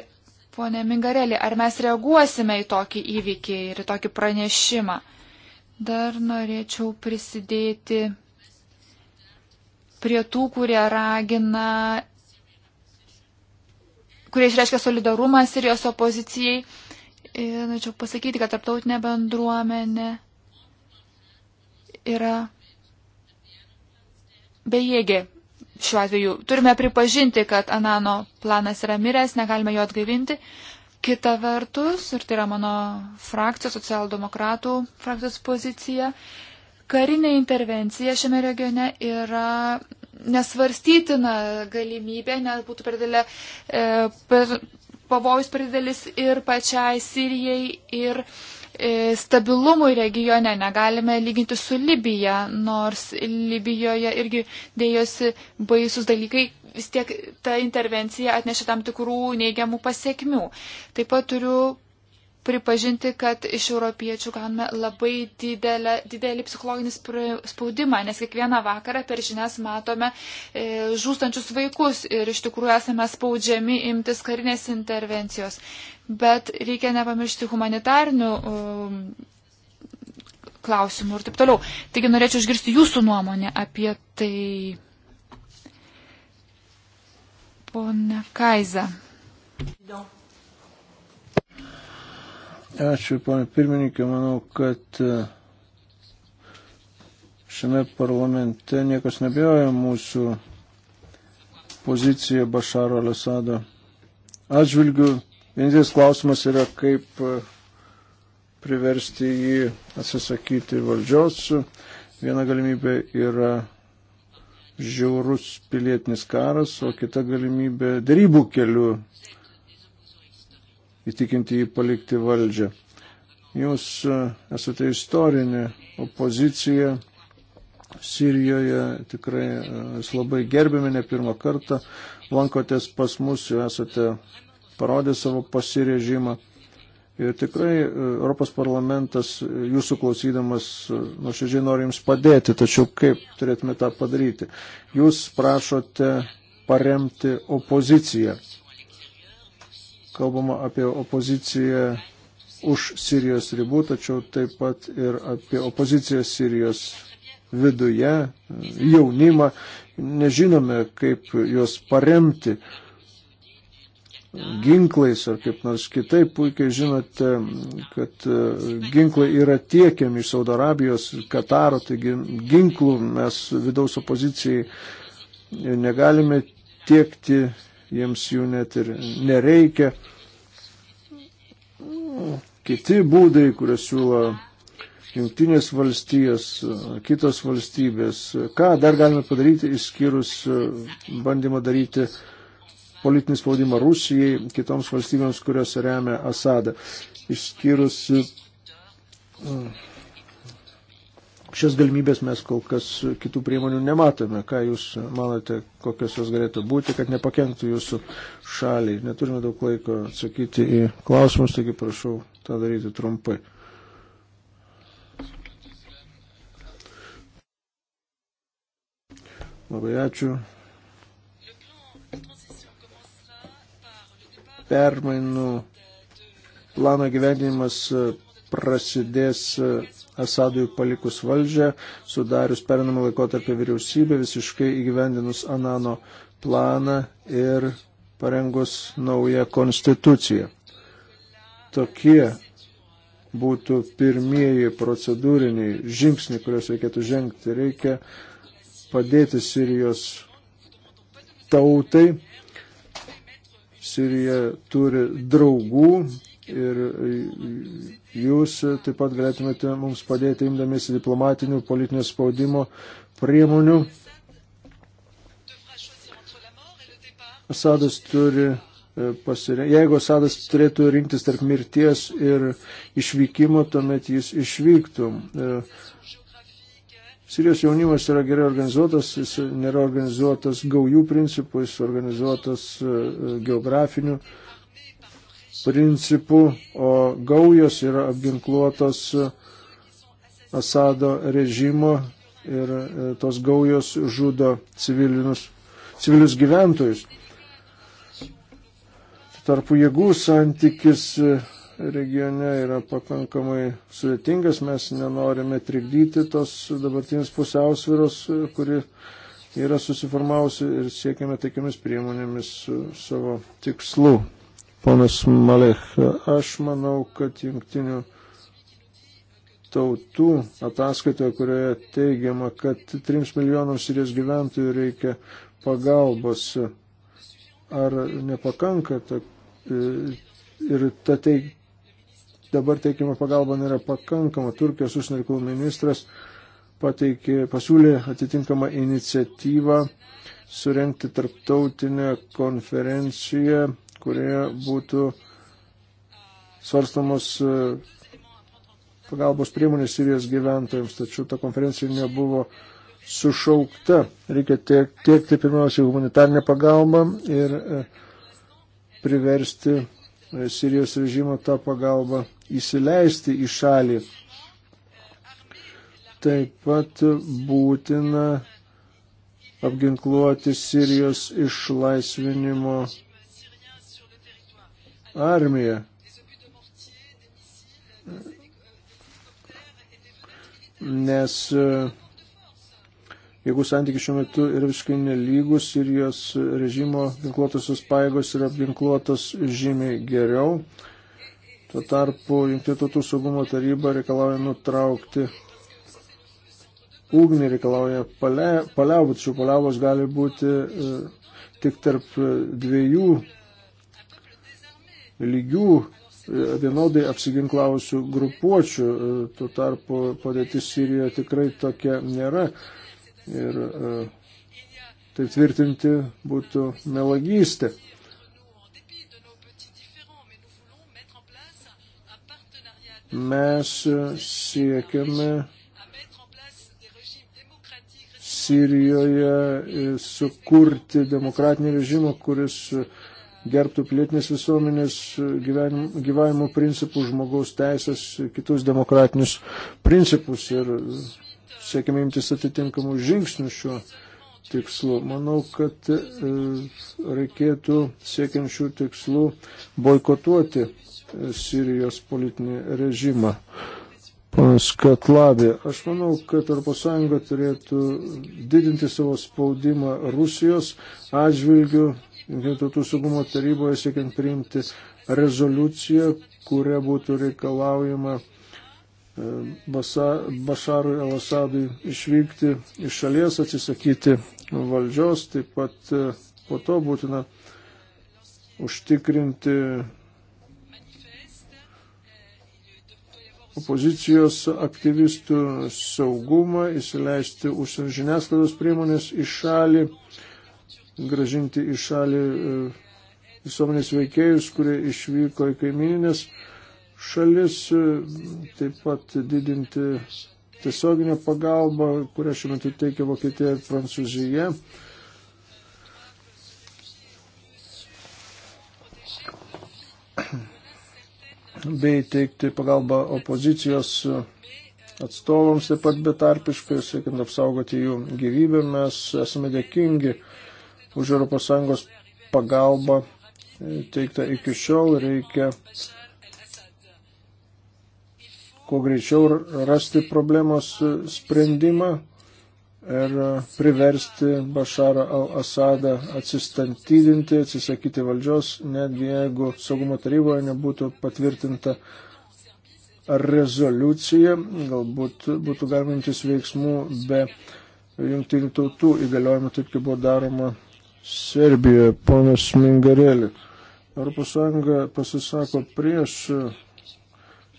Pone Mingarelį, ar mes reaguosime į tokį įvykį ir į tokį pranešimą? Dar norėčiau prisidėti prie tų, kurie ragina, kurie išreiškia solidarumą Sirijos opozicijai. Ir norėčiau pasakyti, kad tarptautinė bendruomenė yra bejėgė šiuo atveju turime pripažinti, kad Anano planas yra miręs, negalime jo atgaivinti. Kita vertus, ir tai yra mano frakcijos, socialdemokratų frakcijos pozicija, karinė intervencija šiame regione yra nesvarstytina galimybė, nes būtų per didelė. E, per, pavojus per didelis ir pačiai Sirijai, ir E, stabilumui regione, negalime lyginti su Libija, nors Libijoje irgi dėjosi baisus dalykai, vis tiek ta intervencija atnešė tam tikrų neigiamų pasiekmių. Taip pat turiu pripažinti, kad iš europiečių gauname labai didelę, didelį psichologinį spaudimą, nes kiekvieną vakarą per žinias matome e, žūstančius vaikus ir iš tikrųjų esame spaudžiami imtis karinės intervencijos. Bet reikia nepamiršti humanitarnių um, klausimų ir taip toliau. Taigi norėčiau išgirsti jūsų nuomonę apie tai. Pone Kaiza. Įdomu. Ačiū, ponė pirmininkė. Manau, kad e, šiame parlamente niekas nebėjoja mūsų poziciją Bašaro Alesado atžvilgių. Vienintelis klausimas yra, kaip e, priversti jį atsisakyti valdžios. Viena galimybė yra žiaurus pilietinis karas, o kita galimybė darybų keliu įtikinti jį palikti valdžią. Jūs e, esate istorinė opozicija Sirijoje, tikrai e, jūs labai gerbėme ne pirmą kartą, lankotės pas mus, jūs esate parodę savo pasirežimą. Ir tikrai e, Europos parlamentas, jūsų klausydamas, nuoširdžiai nori jums padėti, tačiau kaip turėtume tą padaryti? Jūs prašote paremti opoziciją kalbama apie opoziciją už Sirijos ribų, tačiau taip pat ir apie opoziciją Sirijos viduje, jaunimą. Nežinome, kaip juos paremti ginklais ar kaip nors kitaip. Puikiai žinote, kad e, ginklai yra tiekiami iš Saudo Arabijos, Kataro, taigi ginklų mes vidaus opozicijai negalime tiekti jiems jų net ir nereikia. Kiti būdai, kuriuos siūlo jungtinės valstijos, kitos valstybės, ką dar galime padaryti, išskyrus bandymą daryti politinį spaudimą Rusijai, kitoms valstybėms, kurios remia Asadą, išskyrus šias galimybės mes kol kas kitų priemonių nematome. Ką jūs manote, kokios jos galėtų būti, kad nepakenktų jūsų šaliai? Neturime daug laiko atsakyti į klausimus, taigi prašau tą daryti trumpai. Labai ačiū. Permainų plano gyvenimas prasidės Asadui palikus valdžią, sudarius perinamą laikotarpį vyriausybę, visiškai įgyvendinus Anano planą ir parengus naują konstituciją. Tokie būtų pirmieji procedūriniai žingsniai, kuriuos reikėtų žengti. Reikia padėti Sirijos tautai. Sirija turi draugų, Ir e, jūs taip pat galėtumėte mums padėti imdamėsi diplomatinių politinio spaudimo priemonių. Asadas turi e, pasirengti. Jeigu Asadas turėtų rinktis tarp mirties ir išvykimo, tuomet jis išvyktų. E, Sirijos jaunimas yra gerai organizuotas, jis nėra organizuotas gaujų principų, jis organizuotas geografinių principų principų, o gaujos yra apginkluotos Asado režimo ir e, tos gaujos žudo civilinius, civilius gyventojus. Tarpų jėgų santykis e, regione yra pakankamai sudėtingas, mes nenorime trikdyti tos dabartinės pusiausviros, e, kuri yra susiformavusi ir siekiame taikiamis priemonėmis savo tikslų. Ponas Malech, aš manau, kad jungtinių tautų ataskaitoje, kurioje teigiama, kad 3 milijonams Sirijos gyventojų reikia pagalbos, ar nepakanka ta, e, ir ta teik, dabar teikiama pagalba nėra pakankama. Turkijos užsienio reikalų ministras pateikė, pasiūlė atitinkamą iniciatyvą surenkti tarptautinę konferenciją kurie būtų svarstamos e, pagalbos priemonės Sirijos gyventojams, tačiau ta konferencija nebuvo sušaukta. Reikia tiek, tiekti pirmiausia humanitarnę pagalbą ir e, priversti e, Sirijos režimą tą pagalbą įsileisti į šalį. Taip pat būtina apginkluoti Sirijos išlaisvinimo armija. Nes e, jeigu santykis šiuo metu yra visiškai nelygus ir jos režimo ginkluotosios paėgos yra ginkluotos žymiai geriau, tuo tarpu Junktinių tautų saugumo taryba reikalauja nutraukti ugnį reikalauja paliaubų, tačiau paliaubos gali būti e, tik tarp dviejų lygių e, vienodai apsiginklavusių grupuočių. E, tuo tarpu padėtis Sirijoje tikrai tokia nėra. Ir e, tai tvirtinti būtų melagystė. Mes siekiame Sirijoje sukurti demokratinį režimą, kuris uh, gerbtų pilietinės visuomenės e, gyvavimo principus, žmogaus teisės, kitus demokratinius principus ir siekime imtis atitinkamų žingsnių šiuo tikslu. Manau, kad e, reikėtų siekiant šių tikslų boikotuoti e, Sirijos politinį režimą. Panas Katlavė, aš manau, kad ES turėtų didinti savo spaudimą Rusijos atžvilgių Tautų saugumo taryboje siekiant priimti rezoliuciją, kuria būtų reikalaujama e, Bašarui Alasadui išvykti iš šalies, atsisakyti valdžios, taip pat e, po to būtina užtikrinti opozicijos aktyvistų saugumą, įsileisti užsienio žiniasklaidos priemonės į šalį, gražinti į šalį e, visuomenės veikėjus, kurie išvyko į kaimininės šalis, e, taip pat didinti tiesioginę pagalbą, kurią šiuo metu teikia Vokietija ir Prancūzija. bei teikti pagalbą opozicijos atstovams taip pat betarpiškai, siekiant apsaugoti jų gyvybę, mes esame dėkingi uh, už ES pagalbą e, teiktą iki šiol. Reikia kuo greičiau rasti problemos e, sprendimą ir e, priversti Bašarą al-Asadą atsistantydinti, atsisakyti valdžios, netgi jeigu saugumo taryboje nebūtų patvirtinta rezoliucija, galbūt būtų galimantis veiksmų be jungtinių tautų įgaliojimų, taip kaip buvo daroma Serbijoje, ponas Mingarelį. ES pasisako prieš e,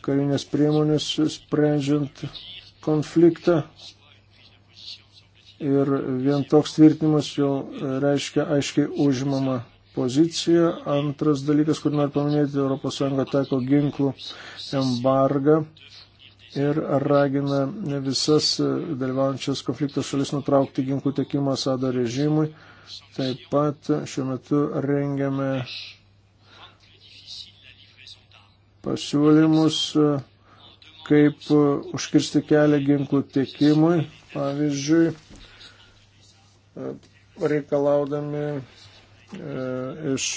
karinės priemonės sprendžiant konfliktą. Ir vien toks tvirtinimas jau reiškia aiškiai užimama pozicija. Antras dalykas, kur noriu paminėti, ES taiko ginklų embargą ir ragina visas dalyvaujančias konflikto šalis nutraukti ginklų tiekimą Asado režimui. Taip pat šiuo metu rengiame pasiūlymus, kaip užkirsti kelią ginklų tiekimui, pavyzdžiui, reikalaudami e, iš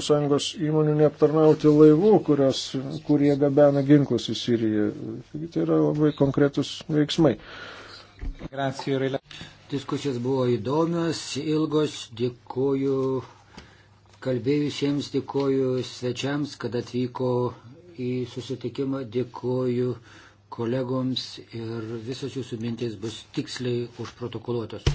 ES įmonių neaptarnauti laivų, kurios, kurie gabena ginklus į Siriją. Tai yra labai konkretus veiksmai. Diskusijos buvo įdomios, ilgos, dėkoju kalbėjusiems, dėkoju svečiams, kad atvyko į susitikimą, dėkoju kolegoms ir visos jūsų mintis bus tiksliai užprotokoluotos.